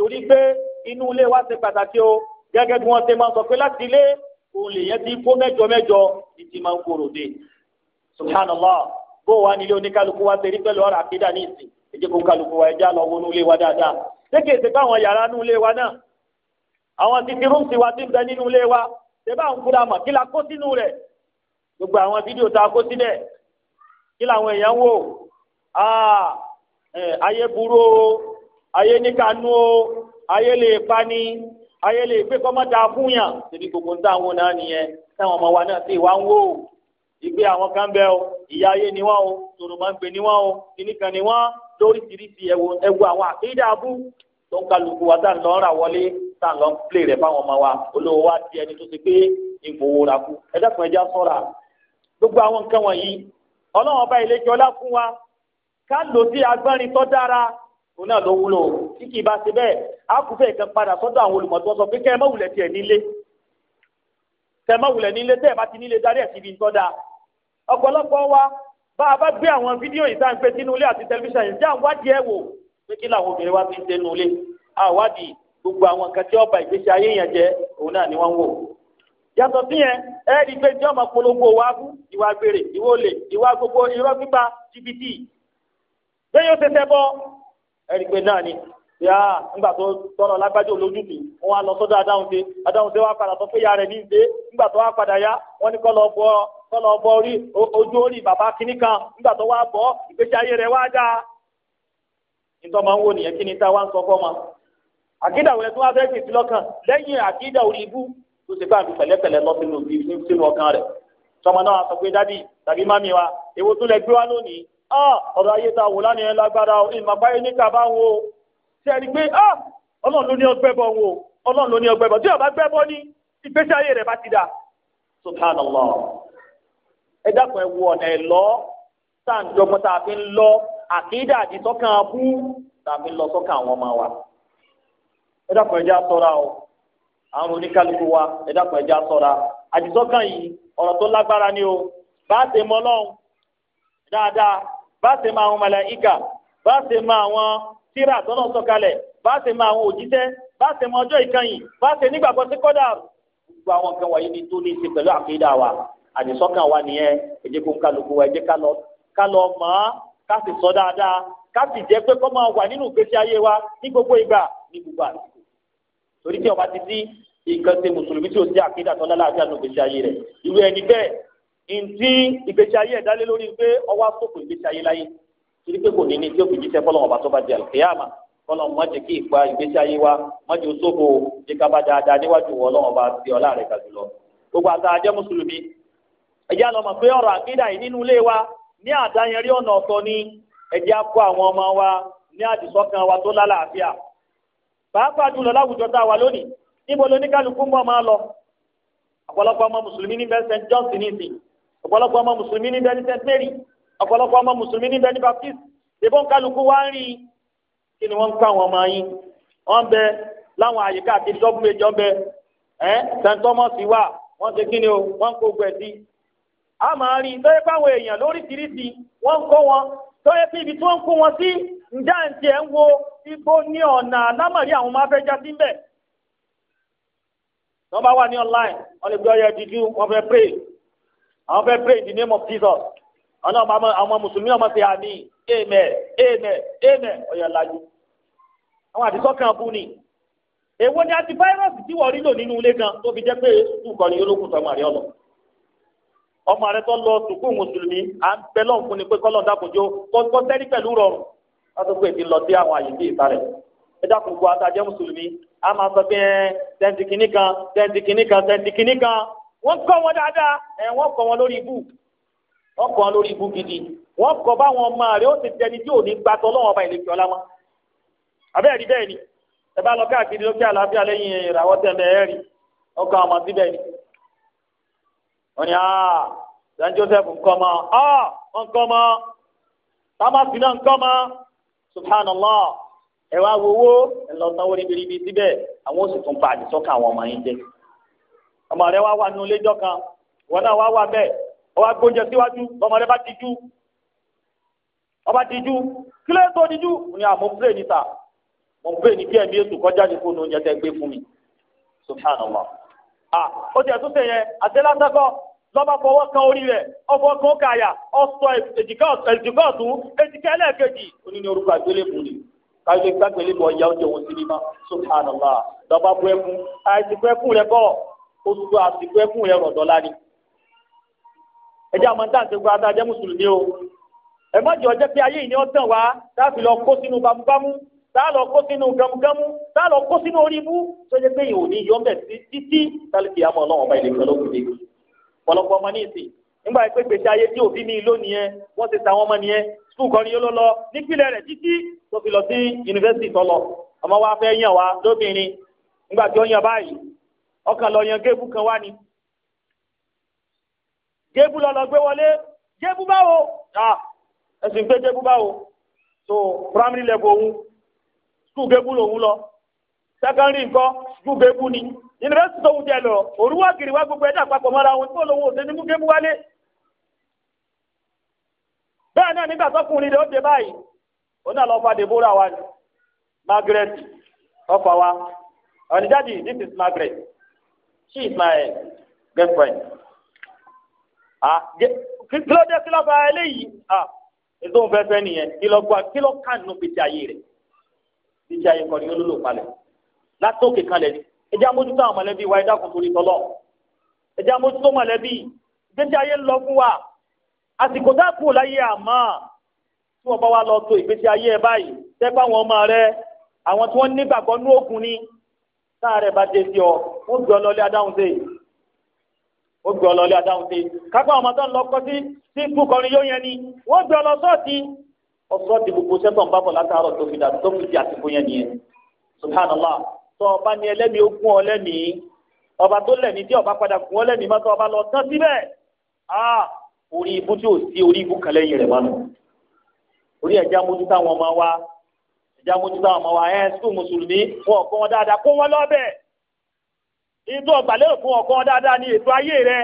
torí pé inú ilé wa ṣe pàtàkì o gẹ́gẹ́ bí wọ́n ṣe máa sọ pé láti ilé òun lè yẹn ti kó mẹ́jọ mẹ́jọ ní ti máa ń kúrò dé subhanallah bó wa nílé oníkálukú wa ṣe rí pẹ̀lú ọ̀rọ̀ àkídà ní ìsìn ẹ kó kálukú wa ẹja lọ wọnú ilé wa dáadáa lékè ṣe bá àwọn yàrá nú ilé wa náà àwọn títí wa ti ń bẹ nínú wa ṣe bá ń kúra mọ̀ kí la kó sínú rẹ̀ gbogbo àwọn fídíò tá a kó sílẹ̀ kí làwọn èèyàn wò ayé burú ayé ní kanú o ayé lè pani ayé lè pé kọ́ mọ́ta fún yàn níbi gbogbo ní táwọn náà nìyẹn táwọn ọmọ wa náà sì wá ń wò ó ìgbé àwọn kan bẹ o ìyá ayé ni wọn o tòrò máa ń gbé ni wọn o kìnnìkan ni wọn lóríṣiríṣi ẹwọ àwọn àkéde abú tó ń kálukú wa tá à ń lọ ra wọlé tá à ń lọ ń plé rẹ fáwọn ọmọ wa olówó wa di ẹni tó ti pé ìfowó ra kú ẹ dákun ẹja ṣọ́ra gbogbo àwọn nǹkan wọ̀nyí ọlọ́wọ́n bá ilé jọlá fún wa ká lò sí agbárin tó dára òun náà ló wúlò tí kì í bá ṣe bẹ́ẹ̀ á kú fẹ́ kan padà sọ́dọ̀ àwọn olùmọ̀ tó sọ pé kẹ́ ẹ má wulẹ̀ tiẹ̀ nílé tẹ́ ẹ má wulẹ̀ nílé tẹ́ ẹ bá ti nílé darí ẹ̀ síbi nǹkan dáa ọ̀pọ̀lọpọ̀ wa bá a bá gbé àwọn fídíò yìí sáà ń pè sínú ilé àti tẹlifíṣàn yìí jáà wádìí ẹ̀ wò pé kí làwọn obìnrin wa fi ń dénú ilé àwádìí gbogbo àwọn nǹkan tí ọba ìgbésí ayé yẹn jẹ òun náà ni wọ́n ń wò yàtọ̀ sí yẹn ẹ rí i pé tí ọmọ polongo wa bú ìwà gbèrè ìwà olè ìwà gbogbo irọ́ pípa jìbìtì bẹ́ẹ̀ yóò ṣẹṣẹ bọ́ ẹ̀rí pé náà ni yá nígbà tó tọrọ lágbájọ lójútì wọn á lọ sọ́dọ̀ adáhunṣe adáhunṣe wá padà sọ pé ya rẹ ní ìṣe nígbà tó wá padà yá wọn ni kọlọ lọ bọ bọ orí ojú orí bàbá kínní kan tó bọ ìgbésí ayé rẹ wá dáa nítorí máa ń wò nìyẹn ni tá a wá ń sọ fọ́ ma àkídà wọlé tó wá fẹ́ fèsì lọ́kàn lẹ́yìn àkídà ibú tó ṣe pẹ̀lẹ́pẹ̀lẹ́ lọ a ah, ọ̀rọ̀ ayé ta wò lánìí lágbára o ìmọ̀páyé ní kaba wo ṣe ẹni pé a ah, ọlọ́run ló ní ọgbẹ́ bọ̀ wo ọlọ́run ló ní ọgbẹ́ bọ̀ tí ọba gbẹ́ bọ́ ní ìgbésí ayé rẹ̀ bá ti dà subhanallah ẹ dákun ẹ lọ tá a fi ń lọ abú tá a fi ń lọ sọ́kàn àwọn ọmọ wa ẹ dákun ẹ já o àwọn oníkálukú wa ẹ dákun ẹ já yìí ọ̀rọ̀ tó lágbára ni o bá bá ṣe máa àwọn màláíkà bá ṣe máa àwọn tírà tọ́lọ́ sọ̀kalẹ̀ bá ṣe máa àwọn òjíṣẹ́ bá ṣe máa ọjọ́ ìkẹyìn bá ṣe nígbàgbọ́ sí kọ́dà gbogbo àwọn nǹkan wọ̀nyí ni tó ní í ṣe pẹ̀lú àkídà wa àdìsọ́kàn wa nìyẹn ẹ jẹ́ kó ń kálukú wa ẹ jẹ́ ká lọ mọ̀ ká sì sọ dáadáa ká sì jẹ́ pé kọ́ máa wà nínú ìgbésí ayé wa ní gbogbo ìgbà ní gbogbo àsìkò torí tí ọba ti sí nǹkan ṣe mùsùlùmí tí ò sí àkídà tó lálàáfíà ntí ìgbésí ayé ẹ̀dá lé lórí pé ọwọ́ àsopọ̀ ìgbésí ayé láyé torí pé kò ní ní tí ó fi jíṣẹ́ fọlọ́mọ bá tó bá di àlùkìyàmà fọlọ́mọ má jẹ́ kí ìpa ìgbésí ayé wa má jẹ́ òṣòfò jẹ́ ká bá dáadáa níwájú wọ ọlọ́wọ́n bá ti ọlá rẹ̀ gàdú lọ. gbogbo àti ajẹ́ mùsùlùmí ẹ̀jẹ̀ àlọ́ mọ̀ pé ọ̀rọ̀ àkídà yìí nínú ilé wa ní àdáyẹrí ọ̀nà ọ̀tọ̀ ni ẹ̀jẹ̀ á àwọn ọmọ wa ní àdìsọ́kàn wa tó lálàáfíà. pàápàá jùlọ ọ̀pọ̀lọpọ̀ ọmọ mùsùlùmí ní bẹni st ọ̀pọ̀lọpọ̀ ọmọ mùsùlùmí ní bẹni baptist ìbọn kálukú wá ń rí i kí ni wọ́n ń kọ́ ọmọ yín wọ́n bẹ láwọn àyíká àti méjọ bẹ st thomas wà wọ́n ṣe kí ni o wọ́n kó a máa rí i fáwọn èèyàn wọ́n ń ibi tí wọ́n ń kó wọn sí ǹjẹ́ ń wo igbó ní ọ̀nà àwọn máa fẹ́ já àwọn fẹ́ pray in the name of Jesus àwọn náà àwọn mùsùlùmí ọmọ ṣe àmì amen amen amen ọ̀yà lajú àwọn àdìsọ́kàn bú ni èwo ni antivirus tí wọ́n rí lò nínú ilé kan tó fi jẹ́ pé sùkúù kan ní olókùn sọmọ àrẹ ọ̀nà ọmọ àrẹ tó lọ sùkúù mùsùlùmí à ń bẹ lọ́n fún ni pé kọ́lọ́n dákunjó kọ́ sẹ́rí pẹ̀lú rọrùn látọ̀ pé ti lọ sí àwọn àyè bíi ìsàlẹ̀ ẹ dákun gbọ́ àtàjẹ́ mùsùlùmí a máa sọ pé ẹ tẹ̀ǹtì kìíní kan tẹ̀ǹtì kìíní kan tẹ̀ǹtì kìíní kan wọ́n kọ́ wọn dáadáa ẹ̀ wọ́n kọ́ wọn lórí ibú wọ́n kọ́ wọn lórí ibú gidi wọ́n kọ́ báwọn ọmọ rẹ̀ ó ti dẹni tí ò ní gba tọ́lọ́wọ́n ọba ìlẹ̀kẹ́ ọlá mọ́ abẹ́ẹ̀ rí bẹ́ẹ̀ ni ẹ bá lọ káàkiri lókè àlàáfíà lẹ́yìn ìràwọ̀ tẹ̀lé ẹ̀ rí ọkọ̀ ọmọ síbẹ̀ ni wọ́n ní aa San Joseph nǹkan mọ́ aa nǹkan mọ́ tamasi náà nǹkan mọ́ subhanallah ẹ wá wo ẹ lọ sanwó ribiribi síbẹ̀ àwọn oṣù tún pa àdìsọ́kà àwọn ọmọ yín jẹ́ ọmọ rẹ wá wà nínú iléjọ́ kan wọn náà wá wà bẹ́ẹ̀ ọwọ́ agbóúnjẹ síwájú ọmọ rẹ bá ti jú ọba ti jú kílẹ̀ tó ti jú ní àmọ́ pray níta mo pray ní kí ẹ̀mí ètò kọjá ní fóònù oúnjẹ tẹ́ gbé fún mi subhanallah ah ó ti ẹ̀ tún tẹ̀ yẹn lọ́ba fọwọ́ kan orí rẹ̀ ọfọ kan kàyà ọsọ èjìká ọ̀tún èjìká ẹlẹ́ẹ̀kejì oníní orúkọ àgbélébù ni káyọ̀ gbàgbélébù ọ̀yà oúnjẹ wọn sí ní ma subhanallah lọ́ba bu ẹkún àìsí ẹkún rẹ bọ̀ oṣù àsìkò gba mùsùlùmí o. ẹ má jọ pé ayé ìní wá tá a fi lọ kó sínú bámúbámú tá a lọ kó sínú gámúgámú tá a lọ kó sínú orí ibú tó jẹ́ pé ìhòòní yọ ń bẹ̀ títí tálíkì ọba ìlẹ̀kùn ọlọ́kùnrin ọ̀pọ̀lọpọ̀ ọmọ ní ìsìn ti tàwọn ọmọ nìyẹn skul kan ni yóò lọ lọ nípìnlẹ̀ rẹ̀ títí fi lọ sí yunifásitì ọmọ ọkàn lọ yan gébù kan wá ni gébù lọlọ gbé wọlé gébù báwo ẹsìn pé gébù báwo so primary level òun school. gébù lòun lọ secondary nǹkan skul gébù ni yunifásitì tó wù jẹ lọ òrùwà kiri wá gbogbo ẹ̀dá àpapọ̀ mọ́ra wọn tó lòun ò sẹ́ni mú gébù wálé bẹ́ẹ̀ náà nígbà tọkùnrin rẹ̀ ó dé báyìí ó náà lọ fa Deborah wa ni Margaret ọkọ̀ wa ọ̀nìjáde this is Margaret she is my girlfriend ah kí ló dé kí ló fa eléyìí ah ètò òun fẹ́ fẹ́ nìyẹn kí ló gba kí ló kà nínú pété ayé rẹ̀ pété ayé kọ́ni olólò palẹ̀ látòkè kalẹ̀ ni ẹjẹ́ amójútó àwọn mọ̀lẹ́bí wa ẹ̀dá kòtò orí tọ́lọ̀ ẹjẹ́ amójútó mọ̀lẹ́bí pété ayé ń lọ fún wa àsìkò tá a kú láyé àmọ́ tí wọ́n bá wa lọ tó ìgbésí ayé ẹ báyìí tẹ́pẹ́ àwọn ọmọ rẹ àwọn tí wọ́n nígbàgbọ́ táàrẹ̀ bá dé sí ọ ó gbé ọlọ́lé adáhùn sí ó gbé ọlọ́lé adáhùn sí kápá ọmọ tó ń lọ kọ́ sí sí búkọrin yóò yẹn ni wọ́n gbé ọlọ́ sọ́ọ̀tì ọ̀sọ́ di gbogbo sẹ́tọ̀ ń bá bọ̀ látàárọ̀ tó fi dà tó fi di àsìkò yẹn nìyẹn subhanallah tó ọba ni ẹlẹ́mìí ó gún ọ lẹ́mìí ọba tó lẹ́mìí tí ọba padà gún ọ lẹ́mìí mọ́tò ọba lọ tán síbẹ̀ ah orí ibú tí ò sí orí ibú kan lẹ́yìn rẹ̀ mọ́nu orí ẹ̀já mójútó àwọn ọmọ wa ìjà mójútó àwọn ọmọ wa ẹ sùkúù mùsùlùmí fún ọkọ wọn dáadáa kó wọn lọ́bẹ̀ ètò ọgbàlérò fún ọkọ wọn dáadáa ni ètò ayé rẹ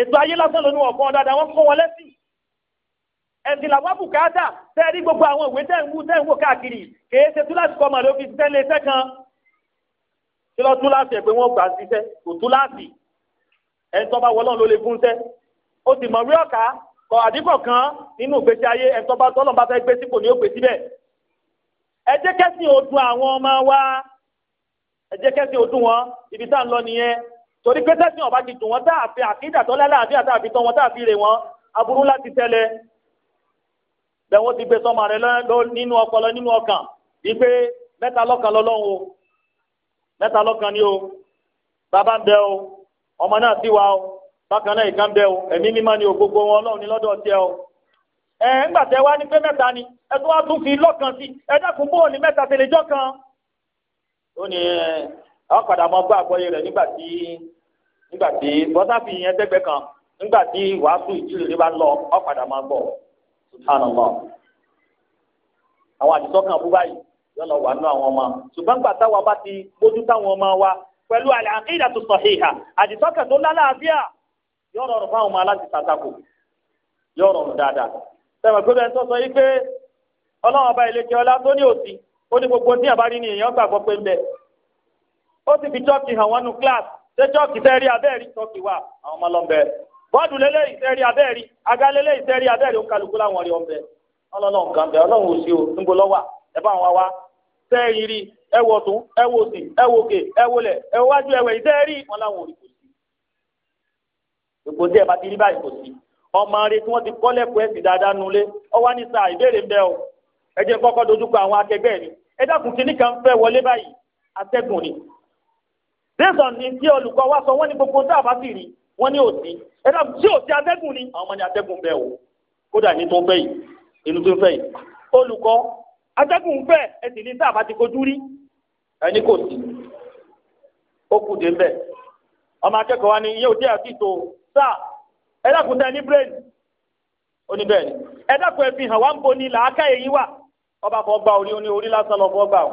ètò ayé lásán ló ní ọkọ wọn dáadáa wọn kó wọn lẹ́sìn ẹ̀sìn làwọn bùkátà tẹ́ẹ̀rí gbogbo àwọn ìwé tẹ́ ń wú tẹ́ ń wò káàkiri kèé ṣe túláàsì kọ́ màlúù fi ṣiṣẹ́ lé iṣẹ́ kan tí lọ túláàsì ẹ̀ pé wọ́n gbà ṣiṣẹ́ kò túláàsì ẹni tó bá wọlọ́n ló lè fún ṣẹ́ ó sì mọ̀ rí ọ̀ka kọ àdínkọ̀ kan nínú ìgbésí ayé ẹni tó bá tọ́lọ́ fẹ́ gbé sípò ní ó gbé síbẹ̀ ẹ jẹ́ kẹ́sìn odun àwọn ọmọ wa ẹ jẹ́ kẹ́sìn odun wọn ibi tá à ń lọ nìyẹn torí pé tẹ́sìn ọba ti dùn wọ́n tá a fi àkídà tó lálàáfíà tá a fi tán wọn tá a fi rè wọn aburú láti tẹ́lẹ̀ bẹ́ẹ̀ wọ́n ti gbé sọmọ rẹ nínú ọpọlọ nínú ọkàn wípé mẹ́ta lọ́kàn lọ́lọ́run o mẹ́ta lọ́kàn ni o bàbá ń bẹ o ọmọ náà sì wà o bákan náà ìkan bẹ o ẹ̀mí mímọ́ ni o gbogbo wọn ọlọ́run ni lọ́dọ̀ tiẹ̀ o ẹ ńgbà tẹ wá ní mẹ́ta ni ẹ tó tún fi lọ́kàn sí ẹ dákun bóun ní mẹ́ta tẹ́lẹ̀ jọ kan. ó ní ẹ ọ padà mọ gbọ́ àgbọ́yé rẹ̀ nígbà tí nígbà tí fi yẹn tẹ́gbẹ́ kan nígbà tí wàásù ìjíròrè bá lọ ọ padà máa gbọ́ àwọn àdìsọ́kàn bú báyìí yọ̀nà wà nù àwọn ọmọ ṣùgbọ́n gbà bá ti bójú táwọn ọmọ wa pẹ̀lú sẹ́wọ̀n pé bẹ́ẹ̀ tó sọ yí pé ọba ìlẹkẹ ọlá tó ní òsì ó ní gbogbo ní àbárí ni èèyàn gbàgbọ́ pé ń bẹ ó sì fi chọ́ọ̀kì hàn wọnú kíláàsì ṣé chọ́ọ̀kì sẹ́ẹ̀rí abẹ́ẹ̀rí chọ́ọ̀kì wà àwọn ọmọ lọ́nbẹ bọ́ọ̀dù lélẹ́yìí sẹ́ẹ̀rí aga rí ọmọ rẹ tí wọ́n ti kọ́ lẹ́kọ̀ọ́ ẹ̀sìn dáadáa nulẹ̀ ọ wá ní sáà ìbéèrè ń bẹ o ẹ jẹ́ kọ́kọ́ dojúkọ àwọn akẹgbẹ́ mi ẹ dákun kínní kan fẹ́ wọlé báyìí atẹ́gùn ni. tẹ̀sán ni tí olùkọ́ wa sọ wọ́n ní gbogbo tá a bá sì rí wọ́n ní òsì ẹ dákun tí òsì atẹ́gùn ni àwọn ọmọ ní atẹ́gùn bẹ́ẹ̀ o kódà ní tó fẹ́ yìí inú tó fẹ́ yìí olùkọ́ atẹ́gùn fẹ́ ẹ sì ní tá a ti kojú rí ẹni kò sí ó kù dé ń bẹ̀ ọmọ akẹ́kọ̀ọ́ ẹ dákun tẹ ní brain ó ní bẹ́ẹ̀ ni ẹ dákun ẹ fi hàn wá ń bo ni làákà èyí wà ọba fọ gba orí oní orí lásán lọ fọ gbà ọ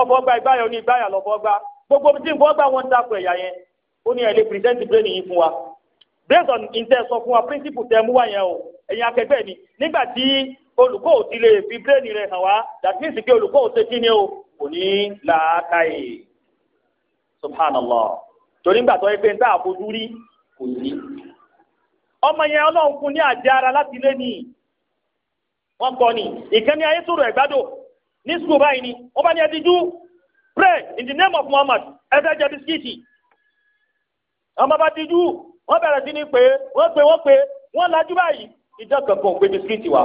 ọfọ gba ìgbáyà oní ìgbáyà lọ fọ gbà gbogbo tí n fọ gbà wọn dákun ẹ̀yà yẹn ó ní ẹ lè brain yìí fún wa based on intent sọ fún wa principle tẹ mú wá yẹn o ẹ̀yin akẹgbẹ́ mi nígbà tí olùkọ́ ò ti lè fi brain rẹ̀ hàn wá that means pé olùkọ́ ò ṣe kí ni o kò ní làákà yìí subhanallah torí ń gbà tó yẹ ń tá àfojú kò sí ọmọ yẹn ọlọ́run fún ní àjẹ ara láti lé ní wọn kọ ni ìkànnì ayé sọ̀rọ̀ ẹ̀gbádò ní sùkúl báyìí ni wọ́n bá ní ẹ díjú pray in the name of Muhammad ẹ fẹ́ jẹ bisikíìtì ọmọ bá díjú wọ́n bẹ̀rẹ̀ sí ni pé wọ́n pé wọ́n pé wọ́n lajú báyìí ìjọ kankan ò gbé bisikíìtì wa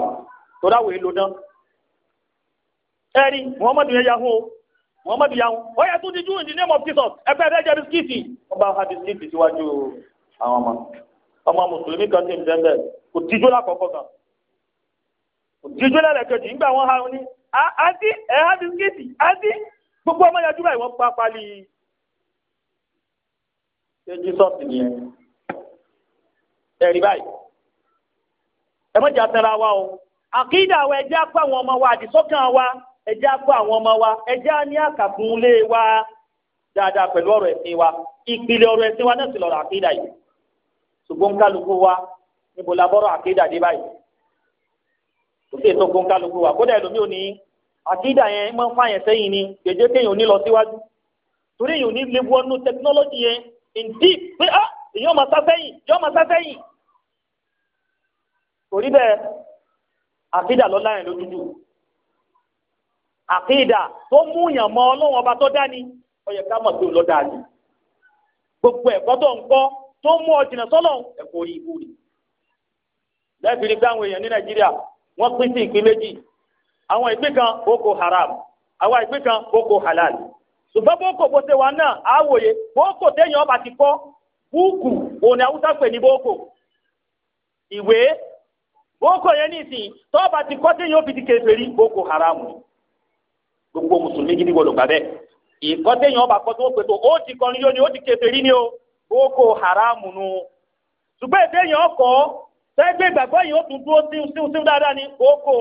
tó dáwọ̀ èlò náà ẹ̀rí Muhammad yẹn yahoo muhammadu yahun ó yẹ tún díjú in the name of Jesus ẹ fẹ́ fẹ́ jẹ bisikíìtì wọ́n bá ha bisikíìtì síwájú àwọn ọmọ ọmọ mùsùlùmí kan ti ń bẹ́ẹ̀ kò díjú lákọ̀ọ́kọ́ kan kò díjú lẹ́lẹ́kejì ńgbà wọn ha ni àti ẹ̀ á ti kéèsì àti gbogbo ọmọ yẹn dúró ìwọ́n pa pali ṣé Jesus nìyẹn ẹ̀rí báyìí ẹ má jà tẹ́ra wa o àkídà wa ẹ̀jẹ̀ á kó àwọn ọmọ wa àdìsọ́kàn wa ẹ̀jẹ̀ á kó àwọn ọmọ wa ẹ̀jẹ̀ á ní àkàkùn lé wa dáadáa pẹ̀lú ọ̀rọ̀ ẹ̀sìn wa ìpìlẹ̀ ọ̀rọ̀ ẹ̀sìn wa náà sì lọ́rọ̀ àkídà yìí ṣùgbọ́n kálukú wa níbo la bọ́rọ̀ àkídà dé báyìí kò sí ètò gbọ́n kálukú wa kódà ẹlòmí ní àkídà yẹn máa ń fàyàn sẹ́yìn ni gbèdé kéèyàn ní lọ síwájú torí èèyàn ò ní lè wọnú tẹkinọ́lọ́jì yẹn deep pé ah èèyàn máa sá sẹ́yìn èèyàn máa sá sẹ́yìn torí bẹ́ẹ̀ àkídà lọ láyìn lójúdù àkídà tó mú yàn mọ ọlọ́wọ́n ọba tó dání ó yẹ ká mọ̀ pé ó lọ dání gbogbo ẹ̀kọ́ tó ń kọ́ tó mú ọ jìnnà sọ́lọ̀ ẹ̀kọ́ orí ibú rẹ̀ naijiria pé àwọn èèyàn ní nàìjíríà wọ́n pín sí ìpín méjì àwọn ìpín kan boko haram àwọn ìpín kan boko halal ṣùgbọ́n boko bó ṣe wà náà wòye boko téèyàn ọba ti kọ́ búùkù òun ni haúsá pè ní boko ìwé boko yẹn ti kọ́ téèyàn ó fi boko haram gbogbo mùsùlùmí gidi ìkọ́ téèyàn ọba kọ́ tó pè tó ó ti kọrin yóni ó ti kókó haramu nu ṣùgbọ́n èdè yẹn ọkọ̀ sẹ́gbẹ́ ìgbàgbọ́ yẹn ó tún dúró síun síun síun dáadáa ní kókó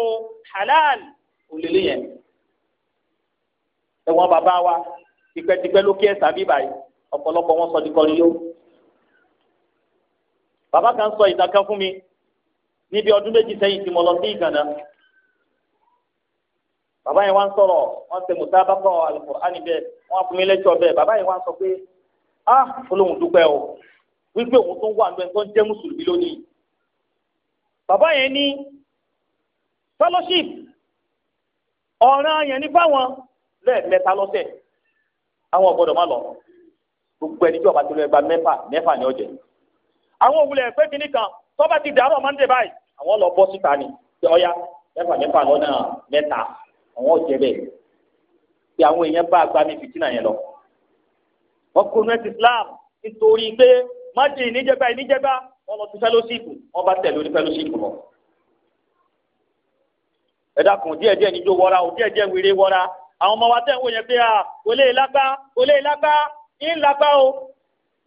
halal òlélẹ́ yẹn ẹ̀wọ̀n bàbá wa tipẹ́tipẹ́ ló kí ẹ̀ sábì báyìí ọ̀pọ̀lọpọ̀ wọn sọ di kọrin yó bàbá kan sọ ìtàn kan fún mi níbi ọdún méjì sẹ́yìn tí mo lọ sí Ìgànnà bàbá yẹn wá ń sọ̀rọ̀ wọ́n ṣe mùsábàkọ̀ àlùkò ánìbẹ̀ wọ́n á fún mi lẹ́tọ̀ bẹ́ẹ̀ bàbá yẹn wá ń sọ pé á olóhùn dúpẹ́ o wípé òun tó ń wà lóyún tó ń jẹ́ mùsùlùmí lónìí. bàbá yẹn ní fellowship ọ̀ràn yẹn ní fáwọn lẹ́ẹ̀mẹ́ta lọ́sẹ̀ àwọn ọ̀gbọ́dọ̀ má lọ gbogbo ẹni tí ọba ti lọ ẹgbàá mẹ́fà mẹ́fà ni ọ̀jẹ̀ àwọn òwúlẹ̀ ẹ̀fẹ́ kìíní kan tọ́ba ti dàárọ̀ máa ń dé báyìí àwọn lọ bọ́ síta ni ọ̀ya mẹ́fà mẹ́fà lọ́nà mẹ́ta àwọn ọ̀jẹ̀ bẹ́ẹ̀ pé àwọn èèyàn bá agbami fìtínà yẹn lọ. ọkùnrin ẹ̀sìn Islam nítorí pé maji níjẹba ìníjẹba wọn lọ sí fẹlóṣìpù wọn bá tẹ̀lé oní fẹlóṣìpù lọ. ẹ dákun díẹ̀ díẹ̀ níjó wọra o wọra àwọn ọmọ wa tẹ̀ ń wò yẹn pé a kò lè lágbá kò lè lágbá ń lágbá o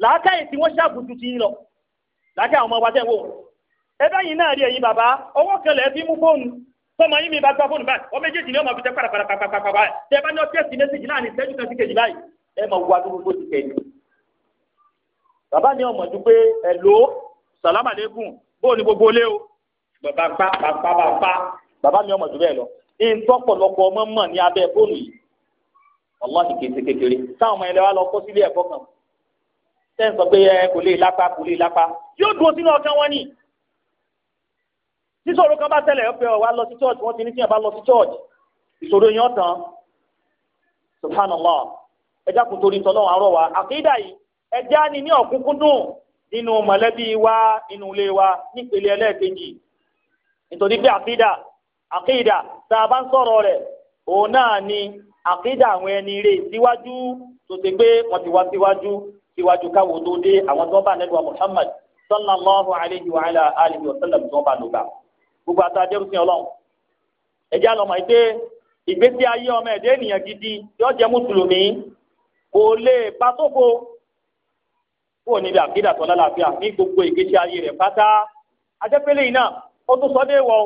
làákàyè tí ṣàbùtù ti ń lọ làákàyè àwọn ọmọ wa ń wò yìí náà rí bàbá ọmọ méjèèjì ẹ mọ̀ wá dúró bó ti kẹ́yìn. bàbá ni ọmọ ju pé ẹ lò ó sàlámà lẹ́kùn bóò ní gbogbo lé o. bàbá pa bàbá bàbá bàbá ni ọmọ ju bẹ́ẹ̀ lọ. ìtọ́pọ̀lọpọ̀ ọmọ mọ̀ ní abẹ́ fóònù yìí. wàláhì kété kékeré táwọn ọmọ ẹlẹ́wà lọ kó sílé ẹ̀kọ́ kan. sẹ́yìn sọ pé ẹ kò lè lápá kò lè lápá yóò dúró sínú ọkàn wọn ni. sísọ̀rọ̀ kan bá tẹ̀lé ọ̀pẹ̀ ọ̀ wá lọ sí chọ́ọ̀chì wọ́n ti ní ẹjá kò torí tọ́lọ́ àárọ̀ wa àkídà yìí ẹjá ni ní ọ̀kúnkúndùn nínú mọ̀lẹ́bí wa nínú ilé wa nípele ẹlẹ́ẹ̀kejì nítorí pé àkídà àkídà tá a bá ń sọ̀rọ̀ rẹ̀ òun náà ni àkídà àwọn ẹni rè síwájú tó ti gbé wọn ti wá síwájú síwájú káwo tó dé àwọn tó bá nẹ́dùn Muhammad sallallahu alayhi wa alihi wa sallam tó bá lùgbà gbogbo àtàjẹrù sí Ọlọ́run ẹjẹ àlọmọ ìgbé ìgbésí ayé ọmọ ẹdẹ ènìyàn gidi yóò kò lè bá onye bi níbi àkídà lafiya, lálàáfíà ní gbogbo ìgbésí ayé rẹ̀ pátá ajẹ́pẹ́lẹ́ yìí náà ó tún sọ dé wọ̀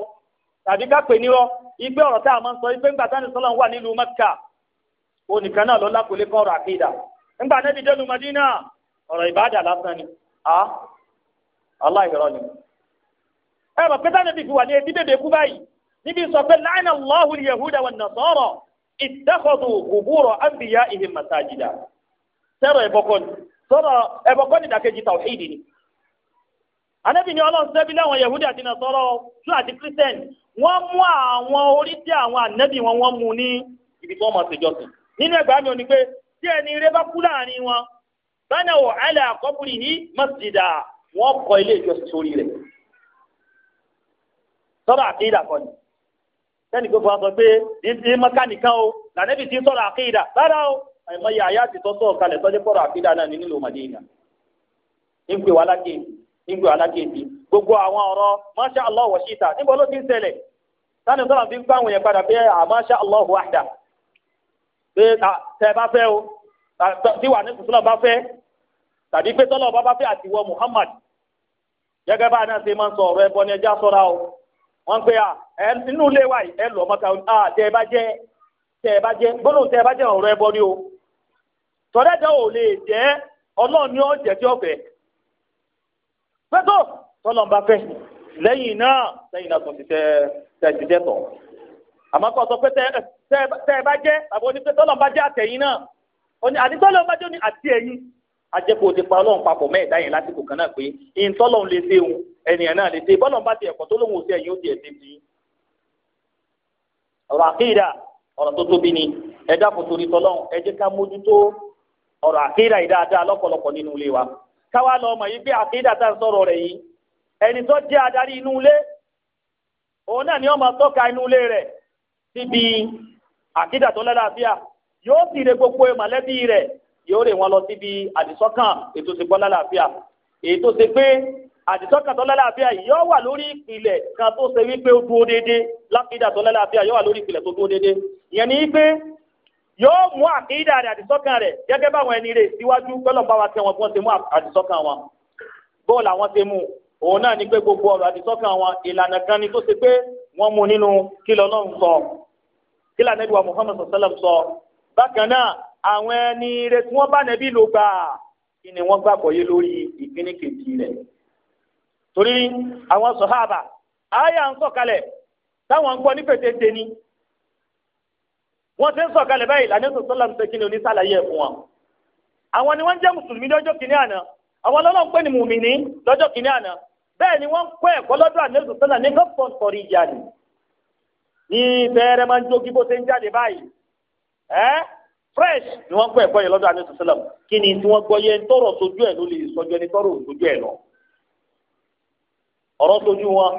tàbí ká pè nírọ́ ìgbé ọ̀rọ̀ tá a máa ń sọ ìgbé ńgbà táni sọ́lá ń wà nílùú Mẹ́kà onìkan náà lọ́lá kò lè kọ́ ọ̀rọ̀ àkídà ńgbà nẹ́bí dẹ́nu Madina ọ̀rọ̀ ìbáàdà lásán ni a aláìrọ̀ ni. ẹ mọ̀ fi wà ní etí bèbè kú báyìí ittakhadhu qubura anbiya'ihim masajida sero ebokon soro ebokon da keji tauhid ni Ànábì ní Ọlọ́run ṣe bí láwọn yehudi àti nasoro ju àti christian wọ́n mú àwọn orí tí àwọn ànábì wọn ibi tí máa nínú pé tí ẹni rẹ bá kú láàrin masjida ilé ìjọsìn sórí sẹ́ni gbogbo wa sọ pé ní mọ́kánìkan o lànàbì ti sọ̀rọ̀ àkídà rárá o àìmọ yà áyá ti tọ́sọ̀ kalẹ̀ tọ́jú pọ̀rọ̀ àkídà náà ní nílùú Madina ìgbé wa lákèéjì ìgbé wa lákèéjì gbogbo àwọn ọ̀rọ̀ masha Allah wa shita níbo ló ti ń ṣẹlẹ̀ sani sọ̀rọ̀ fi ń gbá àwọn yẹn padà ah, masha Allah wahda pé ah, tẹ bá fẹ́ o tí wà ní sùsùlọ̀ bá fẹ́ tàbí pé tọ́lọ̀ Muhammad gẹ́gẹ́ bá a náà ṣe o wọ́n pe inú ilé wa ẹ lọ mọ́ta tẹ ẹ bá jẹ́ tẹ ẹ bá jẹ́ gbọ́dọ̀ tẹ ẹ bá o tọ́lẹ́dẹ́ ò lè ni ó jẹ tí ó náà náà tó ti tẹ tẹ ti tẹ sọ pé tẹ tẹ ẹ bá jẹ́ àbọ̀ onípẹ́ ajẹ́pọ̀ ti pa ọlọ́run papọ̀ lati yẹn lásìkò kan náà pé ìǹtọ́lọ́run lè ṣe òun ẹnìyàn náà lè ṣe bọ́lọ̀ bá ti ẹ̀kọ́ tó lóun ṣe ẹ̀yìn ó ti ẹ̀ṣẹ̀ bí. ọ̀rọ̀ àkéèdà ọ̀rọ̀ tó tóbi ni ẹ dákun torí tọ́lọ́run ẹ jẹ́ ká mójútó ọ̀rọ̀ àkéèdà yìí dáadáa lọ́pọ̀lọpọ̀ nínú ilé wa lọ mọ̀ pé àkéèdà tá sọ̀rọ̀ yóò rè wọn lọ síbi àdìsọ́kàn ètò ìsìnkú ọlálàáfíà ètò ṣe pé àdìsọ́kàn tó lálàáfíà yóò wà lórí ìpìlẹ̀ kan tó ṣe wípé ó dúró déédé lápídà tó lálàáfíà yóò wà lórí ìpìlẹ̀ tó dúró déédé ìyẹn ni pé yóò mú àkídà rẹ̀ àdìsọ́kàn rẹ̀ gẹ́gẹ́ báwọn ẹni rẹ̀ síwájú pẹ́lọ́mbà wa tẹ wọn bí wọ́n ṣe mú àdìsọ́kàn wọn bóòlù àwọn ṣe mú òun náà ni pé gbogbo ọ̀rọ̀ àdìsọ́kàn wọn Muhammad sallam sọ bákan náà àwọn ẹni rẹ tí wọ́n bá nẹ́bí ló gbà kí ni wọ́n gbàgbọ́ yé lórí ìpínlẹ̀ kejì rẹ̀ torí àwọn sọ̀hábà àyà ń sọ̀kalẹ̀ táwọn ń gbọ́ ní pètètè ni wọ́n ti ń sọ̀kalẹ̀ báyìí lànà tó sọ́lá ń sọ kí ni onísàlàyé ẹ̀ fún wọn àwọn ni wọ́n jẹ́ mùsùlùmí lọ́jọ́ kìíní àná àwọn ọlọ́run pè ní mùmìnì lọ́jọ́ kìíní àná bẹ́ẹ̀ ni wọ́n ń kọ́ ẹ̀kọ́ lọ́dọ̀ ànẹ́sùn sọ́lá ní gọ́pọ̀n sọ̀rí ìyá ni ní bẹ́ẹ̀rẹ̀ máa ń jó kí bó ṣe ń jáde báyìí ẹ́ fresh ni wọ́n gbọ́ ẹ̀kọ́ yẹn lọ́dọ̀ àti sọ́sọ́lọ́m kí ni tí wọ́n gbọ́ yẹn tọrọ sojú ẹ̀ ló lè sọjọ́ ẹni tọrọ sojú ẹ̀ lọ. sojú wọn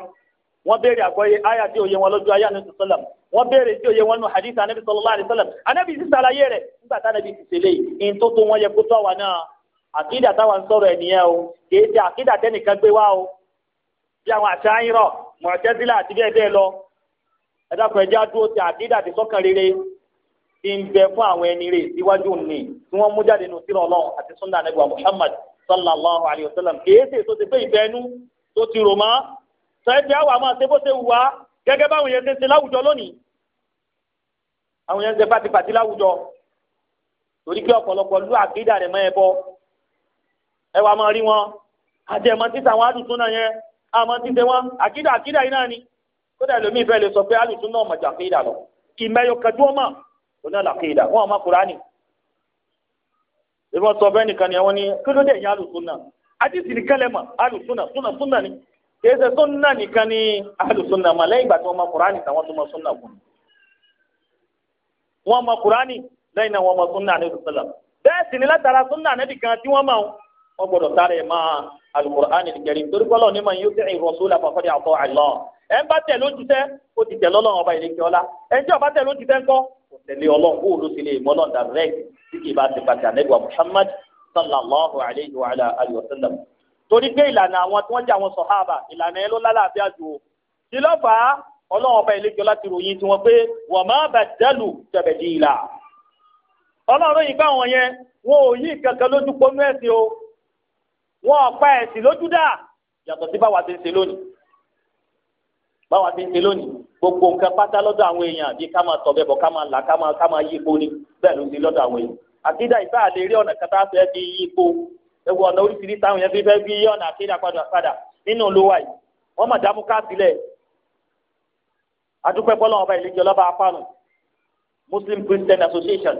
wọ́n béèrè àgbọ́yé àyà tí òye wọn lójú ayé àti sọ́sọ́lọ́m wọ́n béèrè tí òye wọn nù hadith anabi sallallahu alaihi wasallam anabi sàlàyé nígbà anabi sèlè tó wọn yẹ kó tó náà o kìí ìbẹ fún àwọn ẹni rè síwájú ni tí wọ́n mú jáde nù sílọ Ọlọ́run àti sunna anabi Muhammad sallallahu alayhi wa sallam kìí ṣe tó ti pé ìbẹnu tó ti rò mọ́ sẹ́ẹ̀dì àwọn àmọ́ àti bó ṣe wù wá gẹ́gẹ́ báwọn yẹn ṣe ṣe láwùjọ lónìí àwọn yẹn ń ṣe pátipàti láwùjọ torí pé ọ̀pọ̀lọpọ̀ lú àkídà rẹ̀ mọ́ ẹ bọ́ ẹ wàá máa rí wọn àjẹmọ́ títà àwọn àdùtún náà yẹn àmọ́ títẹ wọn àkídà àkídà yìí náà ni kódà ẹlòmíì fẹ́ lè sọ pé àdùtún náà mọ̀jà oní àlàkéyìdà wọn ọmọ kúránì ìbọn sọ bẹ́ẹ̀ nìkan ni àwọn ní kí ìyá àlùsùnà àdìsí ni kẹlẹmọ àlùsùnà súnà súnà ni kì súnà nìkan ni mà ìgbà tí wọn mọ kúránì tó mọ súnà wọn mọ kúránì náà wọn mọ súnà ní sì ni látara súnà tí wọn mọ wọn sáré torí ní ma yóò tẹ àlọ ẹ bá tẹ lójútẹ ti tẹ ọba ọla ẹ ọba tẹ lójútẹ tẹ̀lé ọlọ́run kó o ló ti lè mọ́ náà direct tí kì í bá ti pàṣẹ ànábì wa muhammad sallallahu alayhi wa alayhi wa sallam. torí pé ìlànà àwọn tí wọ́n jẹ́ àwọn sọ̀háàbà ìlànà yẹn ló lálàáfíà jù o. kí ló fà á ọlọ́run ọba ìlẹ́jọ́ láti ròyìn tí wọ́n pé wa ma baddalu tabdila. ọlọ́run yìí báwọn yẹn wọn ò yí kankan lójú pọ́nú ẹ̀sìn o wọn ọ̀pá ẹ̀sìn lójú dà yàtọ̀ sí báwa ti ń ṣe lónìí. báwa ti ṣe lónìí gbogbo nǹkan pátá lọ́dọ̀ àwọn èèyàn bí ká máa tọ̀bẹ̀ kama ká máa là ká máa ká máa yí ipò ni bẹ́ẹ̀ ló ti lọ́dọ̀ àwọn èèyàn àkídà ìfẹ́ àlè rí ọ̀nà kẹta fẹ́ fi yí ewu ọ̀nà oríṣiríṣi àwọn èèyàn fi fẹ́ fi yí ọba ìlẹ́jọ́ Muslim Christian Association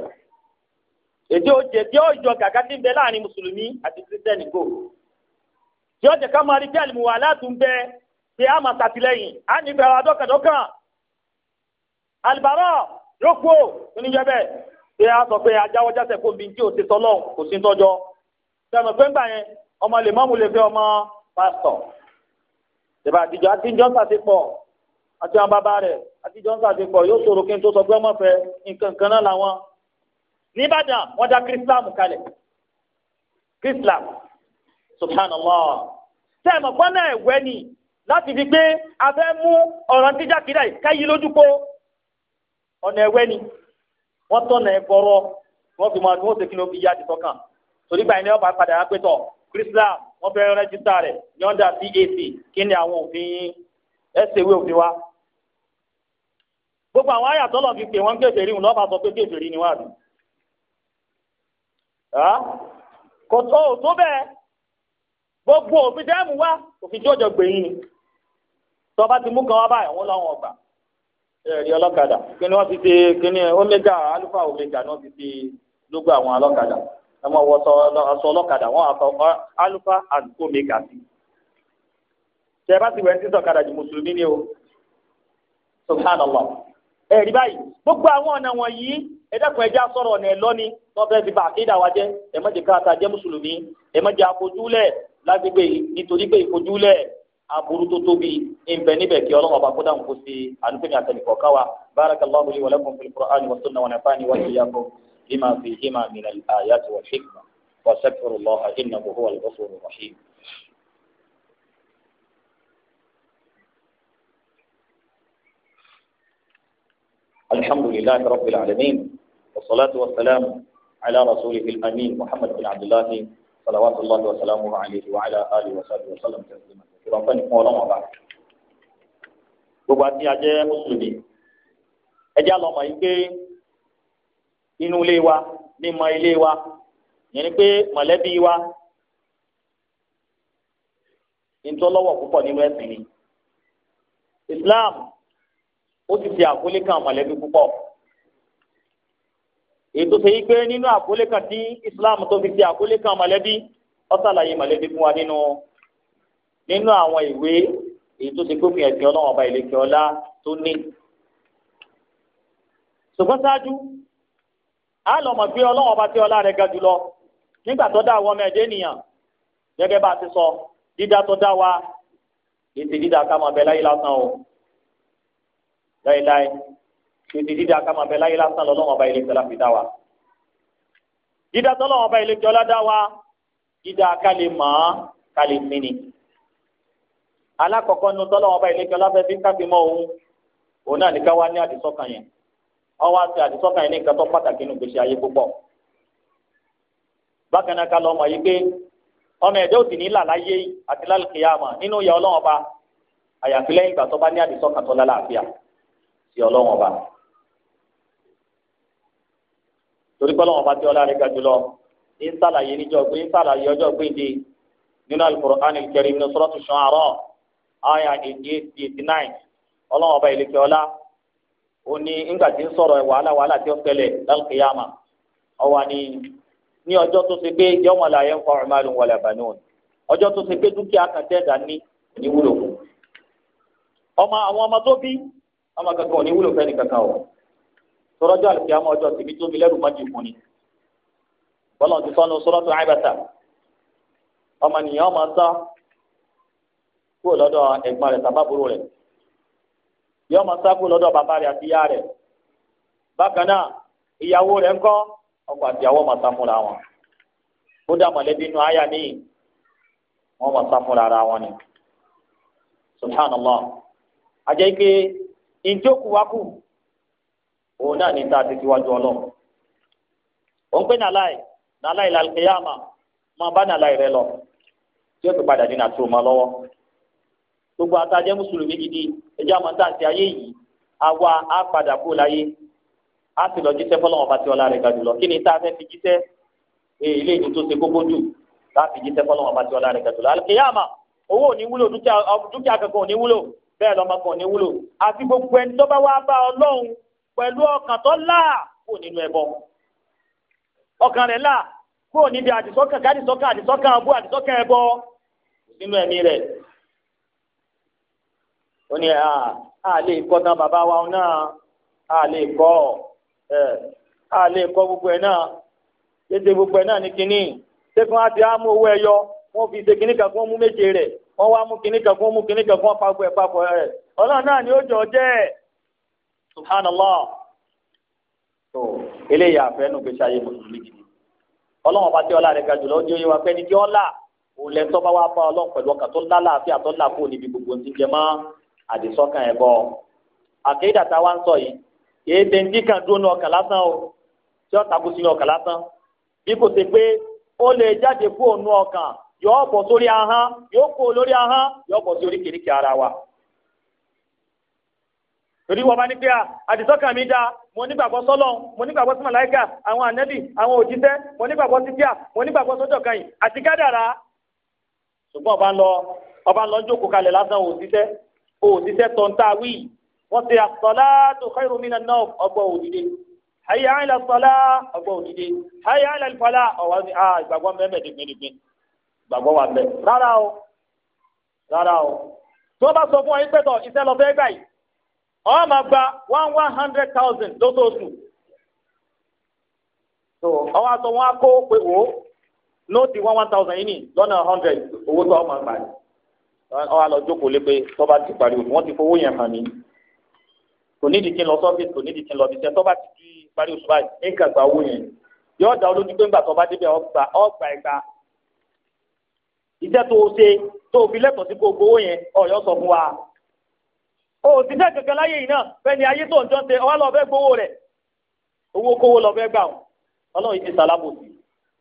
pé a máa ṣàtìlẹ́yìn a ní ìbẹ̀rù adọ́kàndọ́kàn alibara yóò kú oníjẹ bẹ́ẹ̀ pé a sọ pé ajáwọ́jáṣẹ́ kó mi tí ò ti tọ́lọ̀ kò sí tọ́jọ́ sẹ́mi pé ń gbà yẹn ọmọ lè mọ́mú lè fẹ́ ọmọ pásítọ̀ ìbá àtijọ́ àti jọ́nsà ti pọ̀ àti àwọn bàbá rẹ̀ àti jọ́nsà ti pọ̀ yóò ṣòro kí n tó sọ pé ọmọ fẹ́ nǹkan kan náà làwọn nìbàdàn wọ́n dá kírísítàmù kalẹ̀ kírísítàmù subhanallah sẹ́mi pọ́n náà ẹ̀wẹ́ ni láti fi pé abẹ́ mú ọ̀ràn tíjàkídà yìí káyí lójú kó ọ̀nà ẹ̀wẹ́ ni wọ́n tọ̀nà wọ́n fi máa ní wọ́n ṣe kí ló fi yá ti tọ́kàn torí gbà ní ọba padà pẹ́tọ̀ wọ́n fẹ́ rẹ́jísítà rẹ̀ CAC kí ni àwọn òfin ẹsẹ̀ ìwé òfin wa. gbogbo àwọn àyàtọ̀ lọ́ọ̀ fi pè wọ́n rí wọn lọ́ọ̀fà sọ pé kèfèrí rí wọ́n kò tó bẹ́ẹ̀ gbogbo òfin wa òfin tí ó jọ tọ́ba ti mú kan wá báyìí wọ́n lọ́wọ́ ọgbà ẹ̀rí ọlọ́kadà kí ni wọ́n ti ṣe kí ni omega alpha omega ni wọ́n ti ṣe lógo àwọn ọlọ́kadà ẹ mọ̀ wọ aṣọ ọlọ́kadà wọ́n aṣọ alpha and omega sí tẹ bá ti wẹ̀ ń sísọ kadà ju mùsùlùmí ni o subhanallah ẹ̀rí báyìí gbogbo àwọn ọ̀nà wọ̀nyí ẹ̀dẹ́kun ẹja sọ̀rọ̀ ọ̀nà ẹ̀ lọ́ni tọ́fẹ́ ti bá àkéèdà wa jẹ́ ẹ má jẹ́ káàtà jẹ́ mùsùlùmí ẹ àfojúlẹ̀ lágbègbè nítorí pé ìfojúlẹ̀ aburú tó tóbi ìbẹ níbẹ̀ kí ọlọ́wọ́ bá kódà ń kó sí àdúgbò àtẹnì kọ̀ọ̀ká wa barakallahu li wa lakum fil qur'ani wa sunna wa nafa'ani wa iyyakum lima fihima min al-ayati wal hikma wa astaghfirullah innahu huwal ghafurur rahim. الحمد لله رب العالمين والصلاة والسلام على رسوله الأمين محمد بن عبد الله صلوات الله وسلامه عليه وعلى آله وصحبه وسلم تسليما كثيرا فإن قول ما بعد gbogbo àti ajẹ mùsùlùmí ẹjẹ àlọmọ yìí pé inú ilé wa mímọ ilé wa yẹn ni pé mọ̀lẹ́bí wa ntọ́lọ́wọ̀ púpọ̀ nínú ẹ̀sìn ni Islam ó ti fi àkólé kan mọ̀lẹ́bí púpọ̀ ètò ṣe yí pé nínú àkólé kan tí Islam tó fi ṣe àkólé kan mọ̀lẹ́bí ó ṣàlàyé mọ̀lẹ́bí fún wa nínú nínú àwọn ìwé èyí tó ṣe kófin ẹ̀sìn ọlọ́run ọba ìlẹ̀kẹ́ ọlá tó ní. ṣùgbọ́n ṣáájú a lọ mọ̀ pé ọlọ́run ọba tí ọlá rẹ̀ ga jùlọ nígbà tó dá àwọn ọmọ ẹ̀dẹ́ ènìyàn gẹ́gẹ́ bá a ti sọ dídá tó dá wa ètè dídá ká máa bẹ láyé lásán o láéláé títí dídá kama bẹ láyé lásán lọ́wọ́ ọba ilé ìjọba fi dá wa. dídá tọ́lọ́wọ́ ọba ilé ìjọba dá wa dídá ká lè mọ̀ ọ́ ká lè mí ni. alákọ̀ọ́kọ́ nu tọ́lọ́wọ́ ọba ilé ìjọba fẹ́ fi káfí mọ́ òun òun náà ní ká wá ní àdìsọ́kàn yẹn wọ́n wá sí àdìsọ́kàn yẹn ní nǹkan tó pàtàkì nínú gbèsè ayé púpọ̀. bákan náà ká lọ mọ̀ yìí pé ọmọ ẹ̀dẹ́ òsì ní làlàyé àti lálùkìyàmọ̀ torí pé ọlọ́wọ́n bá tí ọlá rẹ̀ ga jùlọ ń sàlàyé níjọ́ pé ń sàlàyé ọjọ́ gbèdé nínú alukur'an kẹrin nínú sọ́rọ́tù Ṣu'ara àyà eighty eight eighty nine ọlọ́wọ́n bá ìlẹ̀kẹ́ ọlá ó ní ńgbà tí ń sọ̀rọ̀ wàhálà wàhálà tí ó ṣẹlẹ̀ lálùkìyàmà ọwà ni ní ọjọ́ tó ṣe pé yawma la yanfa'u malun wala banun ọjọ́ tó ṣe pé dúkìá kan tẹ̀dá ní ìwúlò fún ọmọ àwọn ọmọ tó bí ọmọ kankan ò ní fẹ́ni kankan o sọ́rọ́jọ́ àlùkìyàmọ́ ọjọ́ tèmi tó fi lẹ́rù mọ́jú fún ni bọ́lá ti sọ́nu sọ́rọ́tún àìbàtà ọmọnìyàn ọmọ ń sá kúrò lọ́dọ̀ ẹ̀gbọ́n rẹ̀ tàbábúrò rẹ̀ yọ ọmọ ń sá kúrò lọ́dọ̀ bàbá rẹ̀ àti ìyá rẹ̀ bákan náà ìyàwó rẹ̀ ńkọ́ ọkọ àti ìyàwó máa sá fúnra wọn ó dá mọ̀lẹ́bí inú àyà ara wọn ni subhanallah àjẹ́ òun náà ní tá a ti tiwájú ọlọ́run òun pé nàláì nàláì làlùkìyàmà máa bá nàláì rẹ lọ tí ó fi padà dín àti òmà lọ́wọ́ gbogbo àtàjẹ́ mùsùlùmí gidi ẹjẹ́ àmọ́ tá à ń ti ayé yìí àwa á padà kú láyé á sì lọ jíṣẹ́ fọlọ́wọ́n bá ti ọlá rẹ̀ ga jùlọ kí ni tá a fẹ́ fi jíṣẹ́ ilé ìlú tó ṣe kókó jù láti jíṣẹ́ fọlọ́wọ́n bá ti ọlá rẹ̀ ga jùlọ àlùkìyàmà owó ò ní wúlò dúkìá kankan ò ní wúlò bẹ́ẹ̀ lọ́mọ ò ní wúlò àti gbogbo ẹni tó bá wá bá ọlọ́run pẹ̀lú ọkàn tó láà kó nínú ẹbọ ọkàn rẹ̀ láà kò níbi àdìsọ́kàn kádìsọ́kàn àdìsọ́kàn abú àdìsọ́kàn ẹbọ nínú ẹ̀mí rẹ̀ ó ní a lè kọ́ tán bàbá wa náà a lè kọ́ ẹ̀ a lè kọ́ gbogbo ẹ̀ náà gbogbo ẹ̀ náà ní kínní àti àmú owó fi ṣe wọ́n wá mú kínní kan fún ẹ̀. subhanallah tó eléyà àfẹnù gbèsè ayé mùsùlùmí gidi ọlọ́wọ́n bá tí ọlá rẹ̀ ga jùlọ ó di oyè wa pé ní tí ọlá òun lẹ́ tọ́ bá wá bá ọlọ́run pẹ̀lú ọkàn tó lálà àti àtọ́lá kó níbi gbogbo ti jẹ mọ́ àdìsọ́kàn ẹ̀ bọ́ àkéyìdà tá a wá ń sọ yìí èyí dèndí kan dúró ní ọkàn lásán o tí ó takú sí ní ọkàn lásán bí kò ṣe pé ó lè jáde kúrò ní ọkàn yóò bọ̀ sórí ahọ́n yóò kó lórí ahọ́n yóò bọ̀ sí oríkèéríkèé ara wa torí wọn bá ní pé ah, àdìsọ́kàn mi dáa mo nígbàgbọ́ sọ́lọ́n mo nígbàgbọ́ sí màláìkà àwọn ànẹ́bì àwọn òjíṣẹ́ mo nígbàgbọ́ sí bíà mo nígbàgbọ́ sọ́jọ́ kan yìí àti kádàrá ṣùgbọ́n ọba ń lọ ọba ń lọ jókòó kalẹ̀ lásán òṣìṣẹ́ òṣìṣẹ́ tọ́ntà wí wọ́n ti as-salatu khayrun minan nawm ọgbọ́ òdìdé hayya 'ala as-salah ọgbọ́ òdìdé hayya 'ala al-falah ọ máa gba one one hundred thousand lóṣooṣù so ọwọ́ àtọ̀ wọn pé one thousand yìí lọ́nà hundred owó tó ọmọ gbà ní ọwọ́ àlọ́ jókòó lé pé tọ́ba ti wọ́n ti fowó yẹn hàn mí kò nídìí kí n lọ sọ́fíìsì kò nídìí kí n lọ di parí oṣù báyìí nǹkan gba owó yẹn yóò olójú pé ńgbà tọ́ba débẹ̀ ọgbà ọgbà ẹ̀gbà iṣẹ́ tó o ṣe tó o fi lẹ́tọ̀ọ́ sí òṣìṣẹ́ kankan láyé yìí náà ni ayé tó ń jọ ń tẹ ọwọ́ lọ́ọ́ fẹ́ gbowó rẹ̀ owó kówó lọ́ọ́ fẹ́ gbà wọn ọlọ́run ti sàlábò sí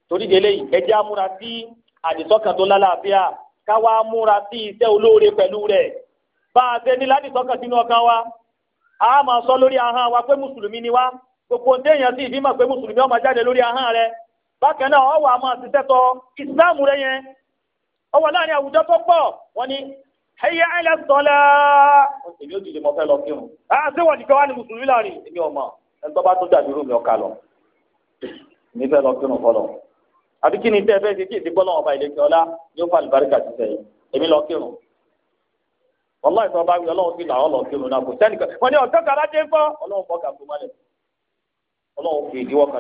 torí délé yìí ẹ jẹ́ amúra sí àdìsọ́kàn tó lálàáfíà káwa múra sí iṣẹ́ olóore pẹ̀lú rẹ̀ bá a ṣe ní ládìsọ́kàn ọkàn wa a máa sọ lórí ahọ́n wa pé mùsùlùmí ni wá gbogbo téèyàn sì fi mọ̀ pé mùsùlùmí jáde lórí ahọ́n bákan náà ọwọ́ a máa tọ ìsìláàmù rẹ̀ yẹn ọwọ́ láàrin àwùjọ tó pọ̀ ẹyẹ ẹlẹ sọlá èmi ò dìde mọ fẹ́ lọ kírun àti ah, wọn nìkan wà ní mùsùlùmí láàrin èmi ọmọ ẹni tó bá tó dàbí rúmi ọkà lọ èmi fẹ́ lọ kírun fọlọ àbí kí ni tẹ fẹ́ ṣe kí èsì bọlọ ọba ìlẹkẹ ọlá yóò fa àlùbáríkà ti sẹ́yìn èmi lọ kírun ọlọ́ ìtọ́ bá wí ọlọ́run sí làwọn lọ kírun náà kò sẹ́nìkan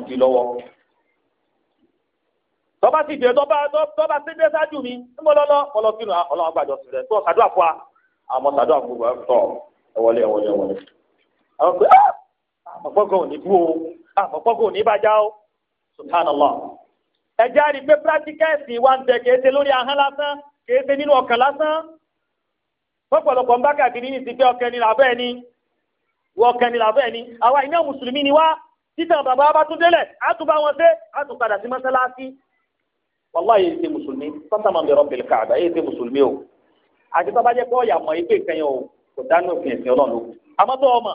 tọ́ba ti dé tọ́ba tọ́ba ti dé sáájú mi ń bọ́ lọ́lọ́ ọlọ́kìnrin ah, ọlọ́run àgbàjọ sí rẹ̀ tó ṣàdúrà fún wa àmọ́ ṣàdúrà fún wa tọ̀ ẹ̀wọ̀lẹ̀ ẹ̀wọ̀lẹ̀ ẹ̀wọ̀lẹ̀. àwọn pé àmọ̀pọ̀gàn ah! ò ní bú o àmọ̀pọ̀gàn ò ní bàjá o subhanallah. ẹ jẹ́ àrí pé practicals wa ń tẹ kéése lórí ahọ́n lásán kéése nínú ọkàn lásán. pọ̀pọ̀lọpọ̀ ń bá kàkiri ní ìsìnkú ọkàn ni làbẹ́ ni ọkàn ni làbẹ́ ni àwa iná mùsùlùmí ni wá títàn bàbá wa bá tún délẹ̀ á tún bá wọn dé á tún padà sí mọ́sálásí wàláyé yìí ṣe mùsùlùmí sọ́tàmà mi rọ́bìlì káàdà yìí mùsùlùmí o àti tó jẹ́ pé ọ̀yà mọ̀ o kò dánú òfin ẹ̀sìn ọlọ́run àmọ́ tó ọmọ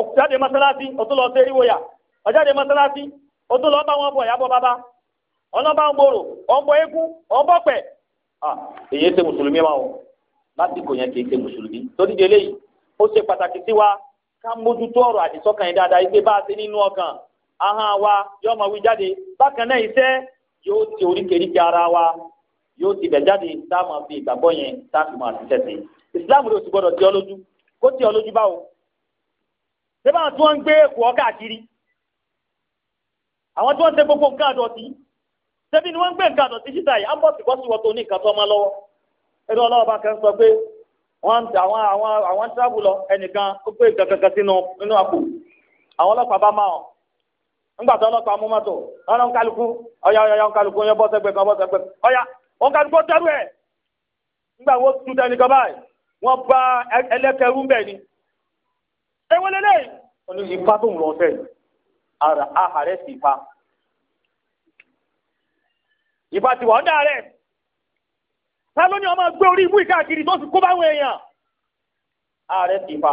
ọ̀jáde mọ́sálásí ó lọ sí eríwòyà ọ̀jáde mọ́sálásí ó tún lọ bá wọn bàbá ń gbòòrò pẹ̀ o yẹn mùsùlùmí torí délé yìí ó ṣe pàtàkì sí wa ká mójútó dáadáa a ṣe nínú ọkàn yọmọ wí jáde bákan náà yóò ti oríkèéríkè ara wa yóò ti bẹ̀ jáde tá a máa fi ìgbàgbọ́ yẹn tá a fi máa ṣiṣẹ́ sí ìsìláàmù ló ti gbọdọ̀ ti, ọ lójú kó ti ọ lójú báwo ṣé báwọn tí wọ́n ń gbé èkó káàkiri àwọn tí wọ́n ń ṣe gbogbo nǹkan àdọ̀tí ṣebí ni wọ́n ń gbé nǹkan àdọ̀tí síta yìí ambos ìkọ́sí wọ́n tó ní nǹkan tó ọmọ lọ́wọ́ ẹni ọlọ́wọ́ bá kẹ́ sọ pé wọ́n àwọn àwọn àwọn àwọn ńgbà tó ọlọ́pàá mú mọ́tò ọ̀nà ńkálukú ọ̀yà ọ̀yà ńkálukú ọ̀yà bọ́ sẹ́gbẹ̀ kan bọ́ sẹ́gbẹ̀ ọ̀yà ńkálukú tẹ́rù ẹ̀ ńgbà wo tu tẹni kan báyìí wọ́n bá ẹlẹ́kẹ̀rú ń bẹ̀ ni. ewu lele ipa tó ń lọ sẹ́yìn ara ahàrẹ sì pa ìbá ti wà ọ́dà rẹ̀ ta ló ní ọmọ gbé orí ibú ìkáàkiri tó ti kó báwọn èèyàn ààrẹ sì pa.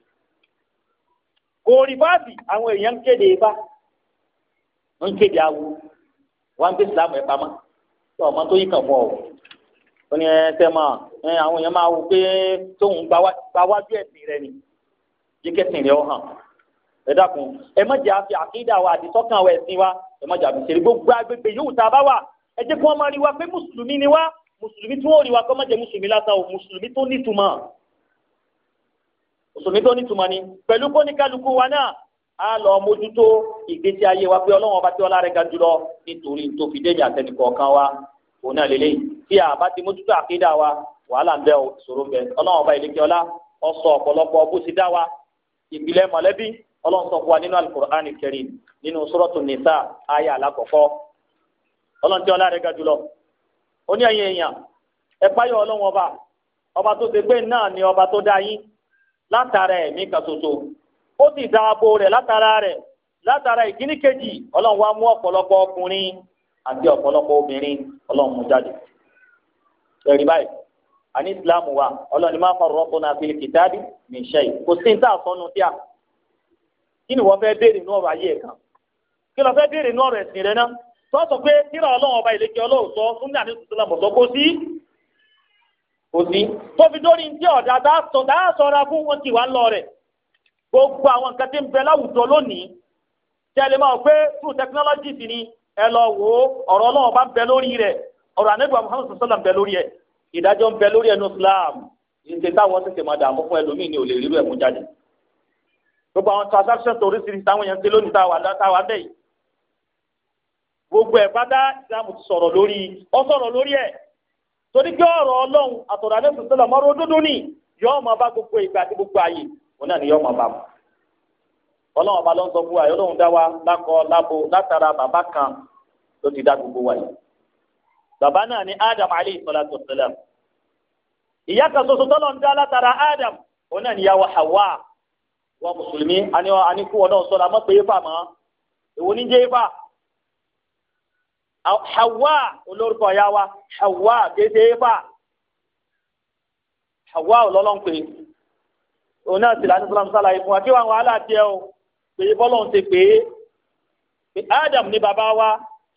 orin fáàsì àwọn èèyàn ń kéde ibà ń kéde awo wọn gbé Islam ẹ pamọ́ tó ọmọ tó yí kàn fún ọ ó ní ẹsẹ máa àwọn èèyàn máa wò pé tóun gba wájú ẹsìn rẹ ni jíkẹsìn rẹ ọ hàn ẹ dákun ẹ má jẹ́ àfi àkídà wa àdìsọ́kàn wa ẹ̀sìn wa ẹ má jẹ́ àfi ṣeré gbogbo agbègbè yòówù tá a bá wà ẹ jẹ́ kí wọ́n máa rí wa pé mùsùlùmí ni wá mùsùlùmí tí wọ́n rí wa kọ́ má jẹ́ mùsùlùmí lásán o mùsùlùmí tó nítumọ̀ mùsùlùmí tó nítumọ̀ ni pẹ̀lú kó ní kálukú wa náà á lọ mójútó ìgbésí ayé wa pé ọlọ́wọ́n bá tí ọlá rẹ̀ ga jùlọ nítorí tó fi dé àtẹnukọ̀ọ̀kan wa òun náà lélẹ́yìn tí a bá ti mójútó àkídà wa wàhálà ń bẹ o ìṣòro ń bẹ ọlọ́wọ́n bá ìlékè ọlá ọsọ ọ̀pọ̀lọpọ̀ bó ti dá wa ìpìlẹ̀ mọ̀lẹ́bí ọlọ́run sọ fún wa nínú alukur'an ni ọba tó dá látara ẹ̀mí kan ṣoṣo ó sì dáàbò rẹ̀ látara rẹ̀ látara ìkíní kejì ọlọ́run wá mú ọ̀pọ̀lọpọ̀ ọkùnrin àti ọ̀pọ̀lọpọ̀ obìnrin ọlọ́run mú jáde. ẹ̀rí báyìí àní wa ọlọ́run ọ̀rọ̀ mi ṣe yìí kò sí ní tá a díà ni wọ́n fẹ́ béèrè nínú ọ̀rọ̀ ayé ẹ̀ kan kí ló fẹ́ béèrè ọ̀rọ̀ ẹ̀sìn rẹ náà pé kíra kò sí tóbi dórí a sọra fún wọn ti wá lọ gbogbo àwọn nǹkan tí ń bẹ láwùjọ lónìí tẹ́lẹ̀ máa pé ni ẹ lọ wò ó ọ̀rọ̀ ọlọ́run bá ń bẹ lórí rẹ ọ̀rọ̀ àníbà ń bẹ lórí ìdájọ́ ń lórí ẹnu Islam táwọn tètè máa dààmú fún ni ò lè rírú jáde gbogbo àwọn transaction tó táwọn ń ṣe lónìí táwa gbogbo ẹ̀ pátá torí pé ọ̀rọ̀ ọlọ́run àtọ̀rọ̀ alẹ́ sọ̀tọ́ la mọ́rọ́ dúdú ni yọ́ọ́ máa bá gbogbo ìgbà àti gbogbo ààyè òun náà ni yọ́ọ́ máa bá mu. ọlọ́run ọba ló ń sọ fún wa ọlọ́run dá wa lákọ lábo látara bàbá kan ló ti dá gbogbo wa yìí. bàbá náà ni Adam alayhi salatu wassalam. ìyá kan ṣoṣo tọ́lọ̀ ń dá látara Adam òun náà ni yàwó Hawa wa mùsùlùmí àníkú ọ̀nà ọ̀sọ́ra Hawa olórúkọ ya wa Hawa kéde bá Hawa olólọ́npẹ òun náà sì láti sọlá sálà ìfún wa kí wọn o pé bọ́lọ́n ti pè é Adam ni baba wa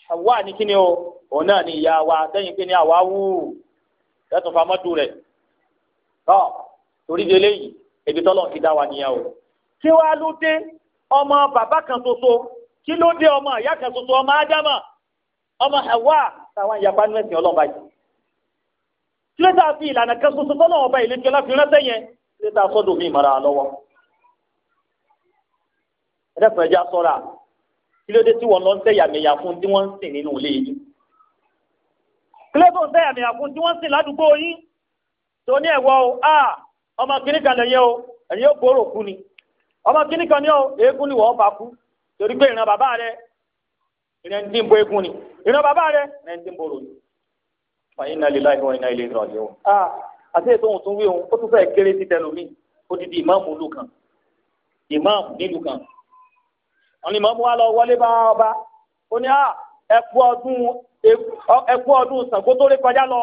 Hawa ni kíni o òun náà ní ìyá wa sẹ́yìn pé ní àwa wù ẹ̀sùn famọ́dù rẹ̀ tọ́ torí délé yìí ebi tọ́lọ̀ ti dá wa nìyẹn o kí wàá ló dé ọmọ bàbá kan ṣoṣo kí ló dé ọmọ ìyá kan ṣoṣo ọmọ Ádámà. ọmọ ẹwà táwọn ìyapa nínú ẹ̀sìn ọlọ́ọ̀ba yìí kílẹ̀tà fi ìlànà kan ṣoṣo tọ́lọ̀ ọba ìlú kí fi ránṣẹ́ yẹn kílẹ̀tà sọ́dọ̀ mi ìmọ̀ra lọ́wọ́ ẹ̀dẹ́fẹ̀ẹ́ já sọ́ra kílódé tí wọ́n lọ ń tẹ̀yàmẹ̀yà fún tí wọ́n ń sìn nínú ilé yìí kílódé ń tẹ̀yàmẹ̀yà fún tí wọ́n ń sìn ládùúgbò yín tó ní ẹ̀wọ́ o a ọmọ kìnnì kan o ìrẹ́ ń dín egun ni ìrẹ́ bàbá rẹ̀ ìrẹ́ ń dín bo ròyìn. fàyín náà lè láì fún iná ilé ìrọ̀lẹ́ o. àti ètò òun tún wí òun ó tún fẹ́ kéré sí tẹlomi odidi ìmáàmù ìlú kan ìmáàmù nílùú kan. wọn ni màmú wa lọ wọlé bá ọba ó ní ẹkú ọdún ẹkú ọdún Ṣàngó tó lé kọjá lọ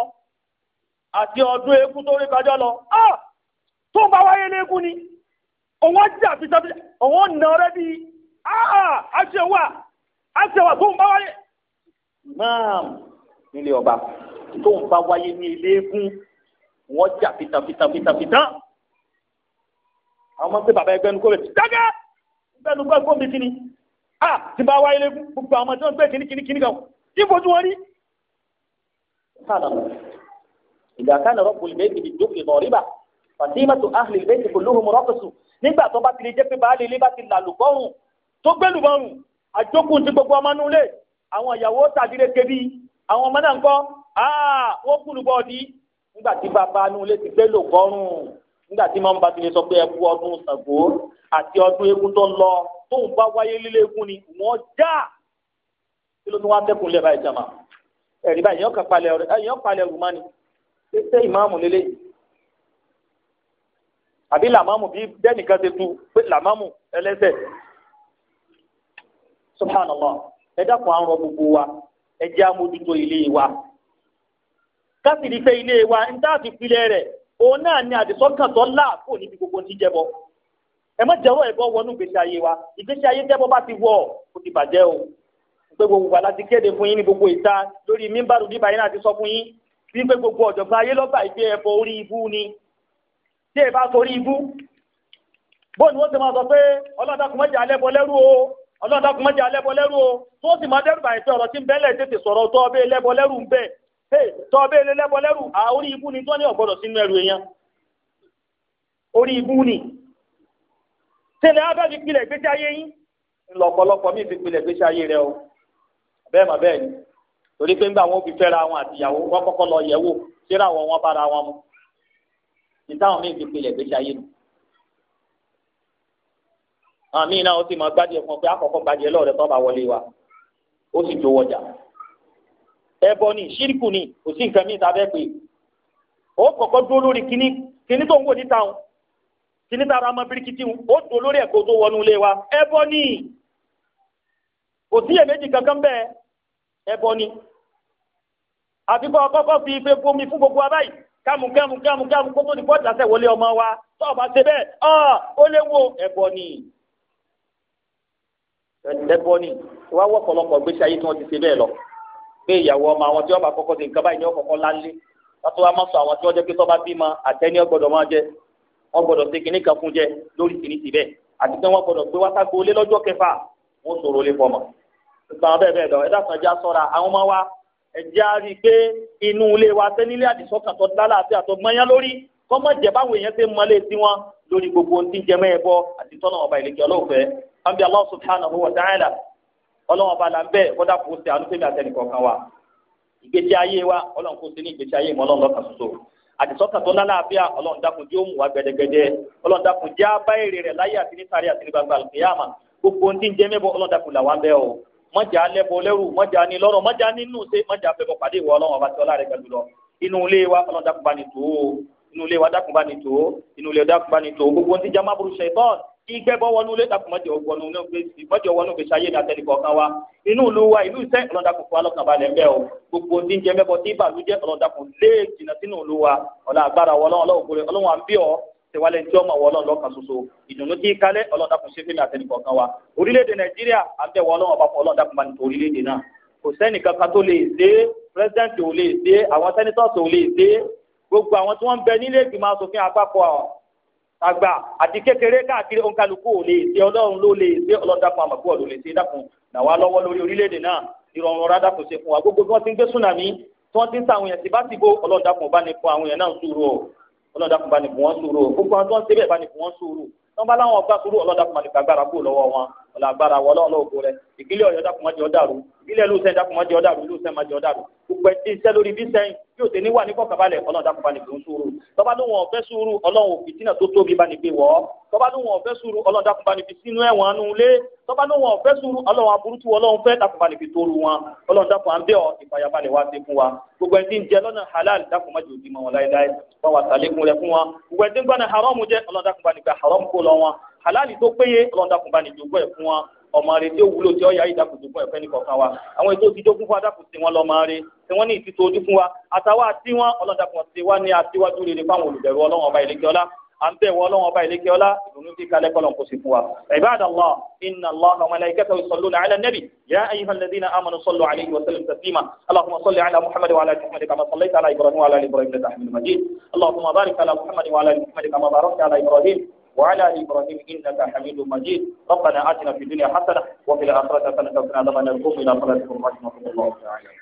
àti ọdún eégún tó lé kọjá lọ tó ń bá wáyé léegun ni òun á jà bìtàbìtà òun ò nà ọrẹ bíi àṣẹ á ti wà tóun bá wáyé. náà nílé ọba tóun bá wáyé ní ilé eégún wọn jà fìtàfìtàfìtàfìtàn àwọn ọmọ pé bàbá ẹgbẹ́ nu kó rẹ̀ ti dágẹ́ ẹgbẹ́ nu gbọ́ mi kíni a ti bá wáyé lẹ́gùn gbogbo àwọn ọmọdé wọn gbé kíní kíní kíní kan kí fojú wọn rí. ìgbà kan lọ́rọ́ kò lè bẹ́ẹ̀ kìí dókè lọ́ọ́ ríbà fatimatu ahli al-bayt kulluhum raqisu nígbà tó bá ti lè jẹ́ pé baálé ilé bá ti làlùbọ́rùn tó gbẹ́lùbọ́rùn àjókù ti gbogbo ọmọ inú ilé àwọn ìyàwó tàdílé kebí àwọn ọmọ náà ń kọ́ wọ́n kúlù bọ́ ọdí nígbà tí bàbá inú ilé ti fẹ́ lò kọ́rùn nígbà tí màmú bá ti lè sọ pé ẹkú ọdún Ṣàngó àti ọdún eégún tó ń lọ tóun bá wáyé lílé eégún ni wọ́n já kí ló ní wọ́n á tẹ́kùn lẹ́ẹ̀ báyìí jàmá ẹ̀rí báyìí yọ̀ọ́ kàpalẹ̀ yọ̀ọ́ palẹ̀ rùmá ni ṣé ìmáàmù lélẹ́yìí àbí làmámù bí bẹ́ẹ̀nìkan ti tu pé làmámù ẹlẹ́sẹ̀ subhanallah nọ dákun àrùn gbogbo wa ẹ jẹ́ àmójútó ilé wa kásìrì fẹ́ ilé wa ń tá àti pilẹ̀ rẹ̀ òun náà ni àdìsọ́kàn tó láàkó níbi gbogbo ti jẹ́bọ ẹ má jẹ́wọ́ ẹ̀bọ wọnú ayé wa ìgbésí ayé tẹ́bọ bá ti wọ̀ ó ti bàjẹ́ o gbogbo wa láti fún yín ní gbogbo ìta lórí mímbàrú bíbá yín láti sọ fún yín bí gbogbo ayé orí ibu ni tí bá ọlọ́run dákun mọ́jà lẹ́bọ lẹ́rú o tó sì máa dẹ́rù báyìí pé ọ̀rọ̀ tí ń bẹ́lẹ̀ tètè sọ̀rọ̀ tọ́ ọbẹ̀ lẹ́bọ lẹ́rù ń bẹ̀ tọ́ ọbẹ̀ lẹ́bọ lẹ́rù àórí ibú ni tó ní ọ̀gbọ́dọ̀ sínú ẹrù èèyàn orí ibú ni tẹ́lẹ̀ abẹ́ fi pilẹ̀ gbèsè ayé yín ńlọ ọ̀pọ̀lọpọ̀ mi fi pilẹ̀ gbèsè ayé rẹ o bẹ́ẹ̀ mà bẹ́ẹ̀ ni torí pé ńgbà wọn ò fi fẹ́ra wọn àtìyàwó wọn kọ́kọ́ lọ yẹ̀wò síra wọn wọn bára wọn mu àmì náà ó sì máa gbádìẹ fún ọ pé àkọ́kọ́ gbádìẹ lọ́ọ̀rẹ́ tó bá wọlé wa ó sì tó wọjà ẹbọ ni ṣírìkù ni kò sí nǹkan míì tá a fẹ́ pè ó kọ́kọ́ dúró lórí kíní kíní tó ń wò níta òun kíní tára ọmọ birikiti òun ó dúró lórí ẹ̀kọ́ tó wọnú ilé wa ẹbọ ni kò sí èméjì kankan bẹ́ẹ̀ ẹbọ ni àfi kọ́ fi ife fomi fún gbogbo abáyì kámú kámú kámú kámú kótó ní bọ́ọ̀dà ẹbọ ni wá wọ ọ̀pọ̀lọpọ̀ gbèsè ayé tí wọn ti ṣe bẹ́ẹ̀ lọ pé ìyàwó ọmọ àwọn tí wọn bá kọ́kọ́ ṣe nǹkan báyìí ni wọn kọ́kọ́ lálé wọn tó wá má sọ àwọn tí wọn jẹ pé tọba bímọ àtẹni ọgbọ́dọ̀ máa jẹ wọn gbọ́dọ̀ ṣe kínní kan fún jẹ lórí kínní ti bẹ́ẹ̀ àti pé wọn gbọ́dọ̀ gbé wá sáko lé lọ́jọ́ kẹfà wọn sọ̀rọ̀ lé fọmọ gbọmọ bẹ́ẹ̀ bẹ́ẹ̀ lọ ẹ já ṣọ́ra àwọn ọmọ wa ẹ já rí i pé inú ilé wa sẹnílé àdìsọkàn tó dá láàbí àtọgbọnyán lórí kọ́mọ̀jẹ̀ báwo èèyàn ṣe mọ́lé tiwọn lórí gbogbo ohun tí ń jẹ mọ́ ẹ bọ́ àti tọ́nà àbí Allah subhanahu wa ta'ala ọlọ́wọ́n bá la ń bẹ́ẹ̀ kọ́dà kó ṣe àánú fẹ́mi àtẹnì wa ìgbésí ayé wa ọlọ́run kó ṣe ní ìgbésí ayé mọ́ ọlọ́run lọ́kàn ṣoṣo àdìsọ́kàn tó lálẹ́ àbíà ọlọ́run dákun jẹ́ òmùwà gbẹdẹgbẹdẹ ọlọ́run dákun jẹ́ abá rẹ̀ láyé àti nítorí àti ní gbangba àlùkìyàmà gbogbo jẹ́ làwọn bẹ́ẹ̀ o mọ̀jà lẹ́bọ lẹ́rù mọ̀jà ní lọ́rọ̀ igbẹ́ bọ́ wọnú ilé dàpọ̀ mọ́jọ wọnú gbèsè mọ́jọ wọnú gbèsè ayé ní àtẹnì kọ̀ọ̀kan wa inú ìlú wa ìlú iṣẹ́ ọlọ́dàkùn fún alọ́kànbalẹ̀ ń bẹ́ o gbogbo ní jẹ o tí ìbànújẹ́ ọlọ́dàkùn lé jìnnà sínú ìlú wa ọ̀la agbára wọlọ́n ọlọ́run gbòòrè ọlọ́run à ń bí ọ tẹwálẹ̀ tí ọmọ wọlọ́n lọ́kàn ṣoṣo ìdùnnú tí kálẹ̀ ọlọ́dàkùn ṣe fẹ́mi àtẹnì kọ̀ọ̀kan wa orílẹ̀-èdè nàìjíríà à ń bẹ̀ wọlọ́n ọba fún ọlọ́dàkùn bá ní torí léde náà kò sẹ́nìkan kan tó lè dé pírẹ́sidẹ́ǹtì ò lè dé àwọn sẹ́nitọ́ọ̀sì ò lè dé gbogbo àwọn tí wọ́n ń bẹ nílé ìgbìmọ̀ asòfin àpapọ̀ àgbà àti kékeré káàkiri òǹkàlùkù ò lè ṣe ọlọ́run ló lè ṣe ọlọ́dàkùn àmàkùn ọ̀dọ̀ lè ṣe dákun nàwa lọ́wọ́ lórí orílẹ̀-èdè náà ìrọ̀rùn ọ̀rá dákun ṣe fún wa gbogbo bí wọ́n ti ń gbé tsunami tí wọ́n ti ń sàwọn èèyàn sí bá ti bó ọlọ́dàkùn bá ní fún àwọn èèyàn náà sùúrù o ọlọ́dàkùn bá ní fún wọn sùúrù o gbogbo àwọn tó ń ṣe bẹ́ẹ̀ bá ní fún wọn sùúrù tí ọ̀la agbára wọ ọlọ́run ògo rẹ ìpínlẹ̀ ọ̀yọ́ dàpọ̀ mọ́jọ́ dàrú ìpínlẹ̀ lóṣẹ̀ dàpọ̀ mọ́jọ́ dàrú lóṣẹ̀ mọ́jọ́ dàrú gbogbo ẹtí iṣẹ́ lórí bí sẹ́yìn yóò ṣe níwà ní kọ̀kàbalẹ̀ ọlọ́run dàpọ̀ bá ní fún sùúrù tọ́ba lóhùn ọ̀fẹ́ sùúrù ọlọ́run òfin tí náà tó tóbi bá ní gbé wọ́ tọ́ba lóhùn ọ̀fẹ́ sùúrù ọlọ́run dàpọ̀ bá ní fi sínú ẹ̀wọ̀n anú ilé tọ́ba lóhùn ọ̀fẹ́ sùúrù ọlọ́run aburú tí ọlọ́run fẹ́ dàpọ̀ bá ní fi tóru wọn ọlọ́run dàpọ̀ à ń bẹ̀ ọ́ ìfàyàbalẹ̀ wá sí fún wa gbogbo ẹni tí ń jẹ lọ́nà halal dàpọ̀ má jò di mọ́ wọn láéláé wọn wà sàlékún rẹ fún wọn gbogbo ẹni tí ń gbọ́nà haram jẹ ọlọ́run dàpọ̀ bá ní gba haram kó lọ wọn halali tó péye ọlọ́dàkùn bá ní jogún ẹ̀ fún wa ọmọ rẹ tí ó wúlò tí ó yá ìdàkùn jogún ẹ̀ fẹ́ni kọ̀ọ̀kan wa àwọn ètò ti jogún fún adàkùn sí wọn lọ́mọ rẹ tí wọ́n ní ìtìtò ojú fún wa àtàwọn àti wọn ọlọ́dàkùn sí wa ní aṣíwájú rere fáwọn olùbẹ̀rù ọlọ́wọ́n ọba ìlẹ́kẹ́ ọlá àǹtẹ̀ wọ ọlọ́wọ́n ọba ìlẹ́kẹ́ ọlá ìdùnnú ti kalẹ̀ kọ́lọ̀ kò sí fún wa. ibadallah inna allah wa malaikatahu yusalluna ala nabi ya ayyuhal ladhina amanu sallu alayhi wa sallimu taslima allahumma salli ala muhammad wa ala ali muhammad kama sallaita ala ibrahim wa ala ibrahim innaka hamidum majid allahumma barik ala muhammad wa ala ali kama barakta ala ibrahim وعلى ال ابراهيم انك حميد مجيد ربنا اتنا في الدنيا حسنه وفي الاخره حسنه وقنا عذاب النار الى صلاتكم رحمه الله تعالى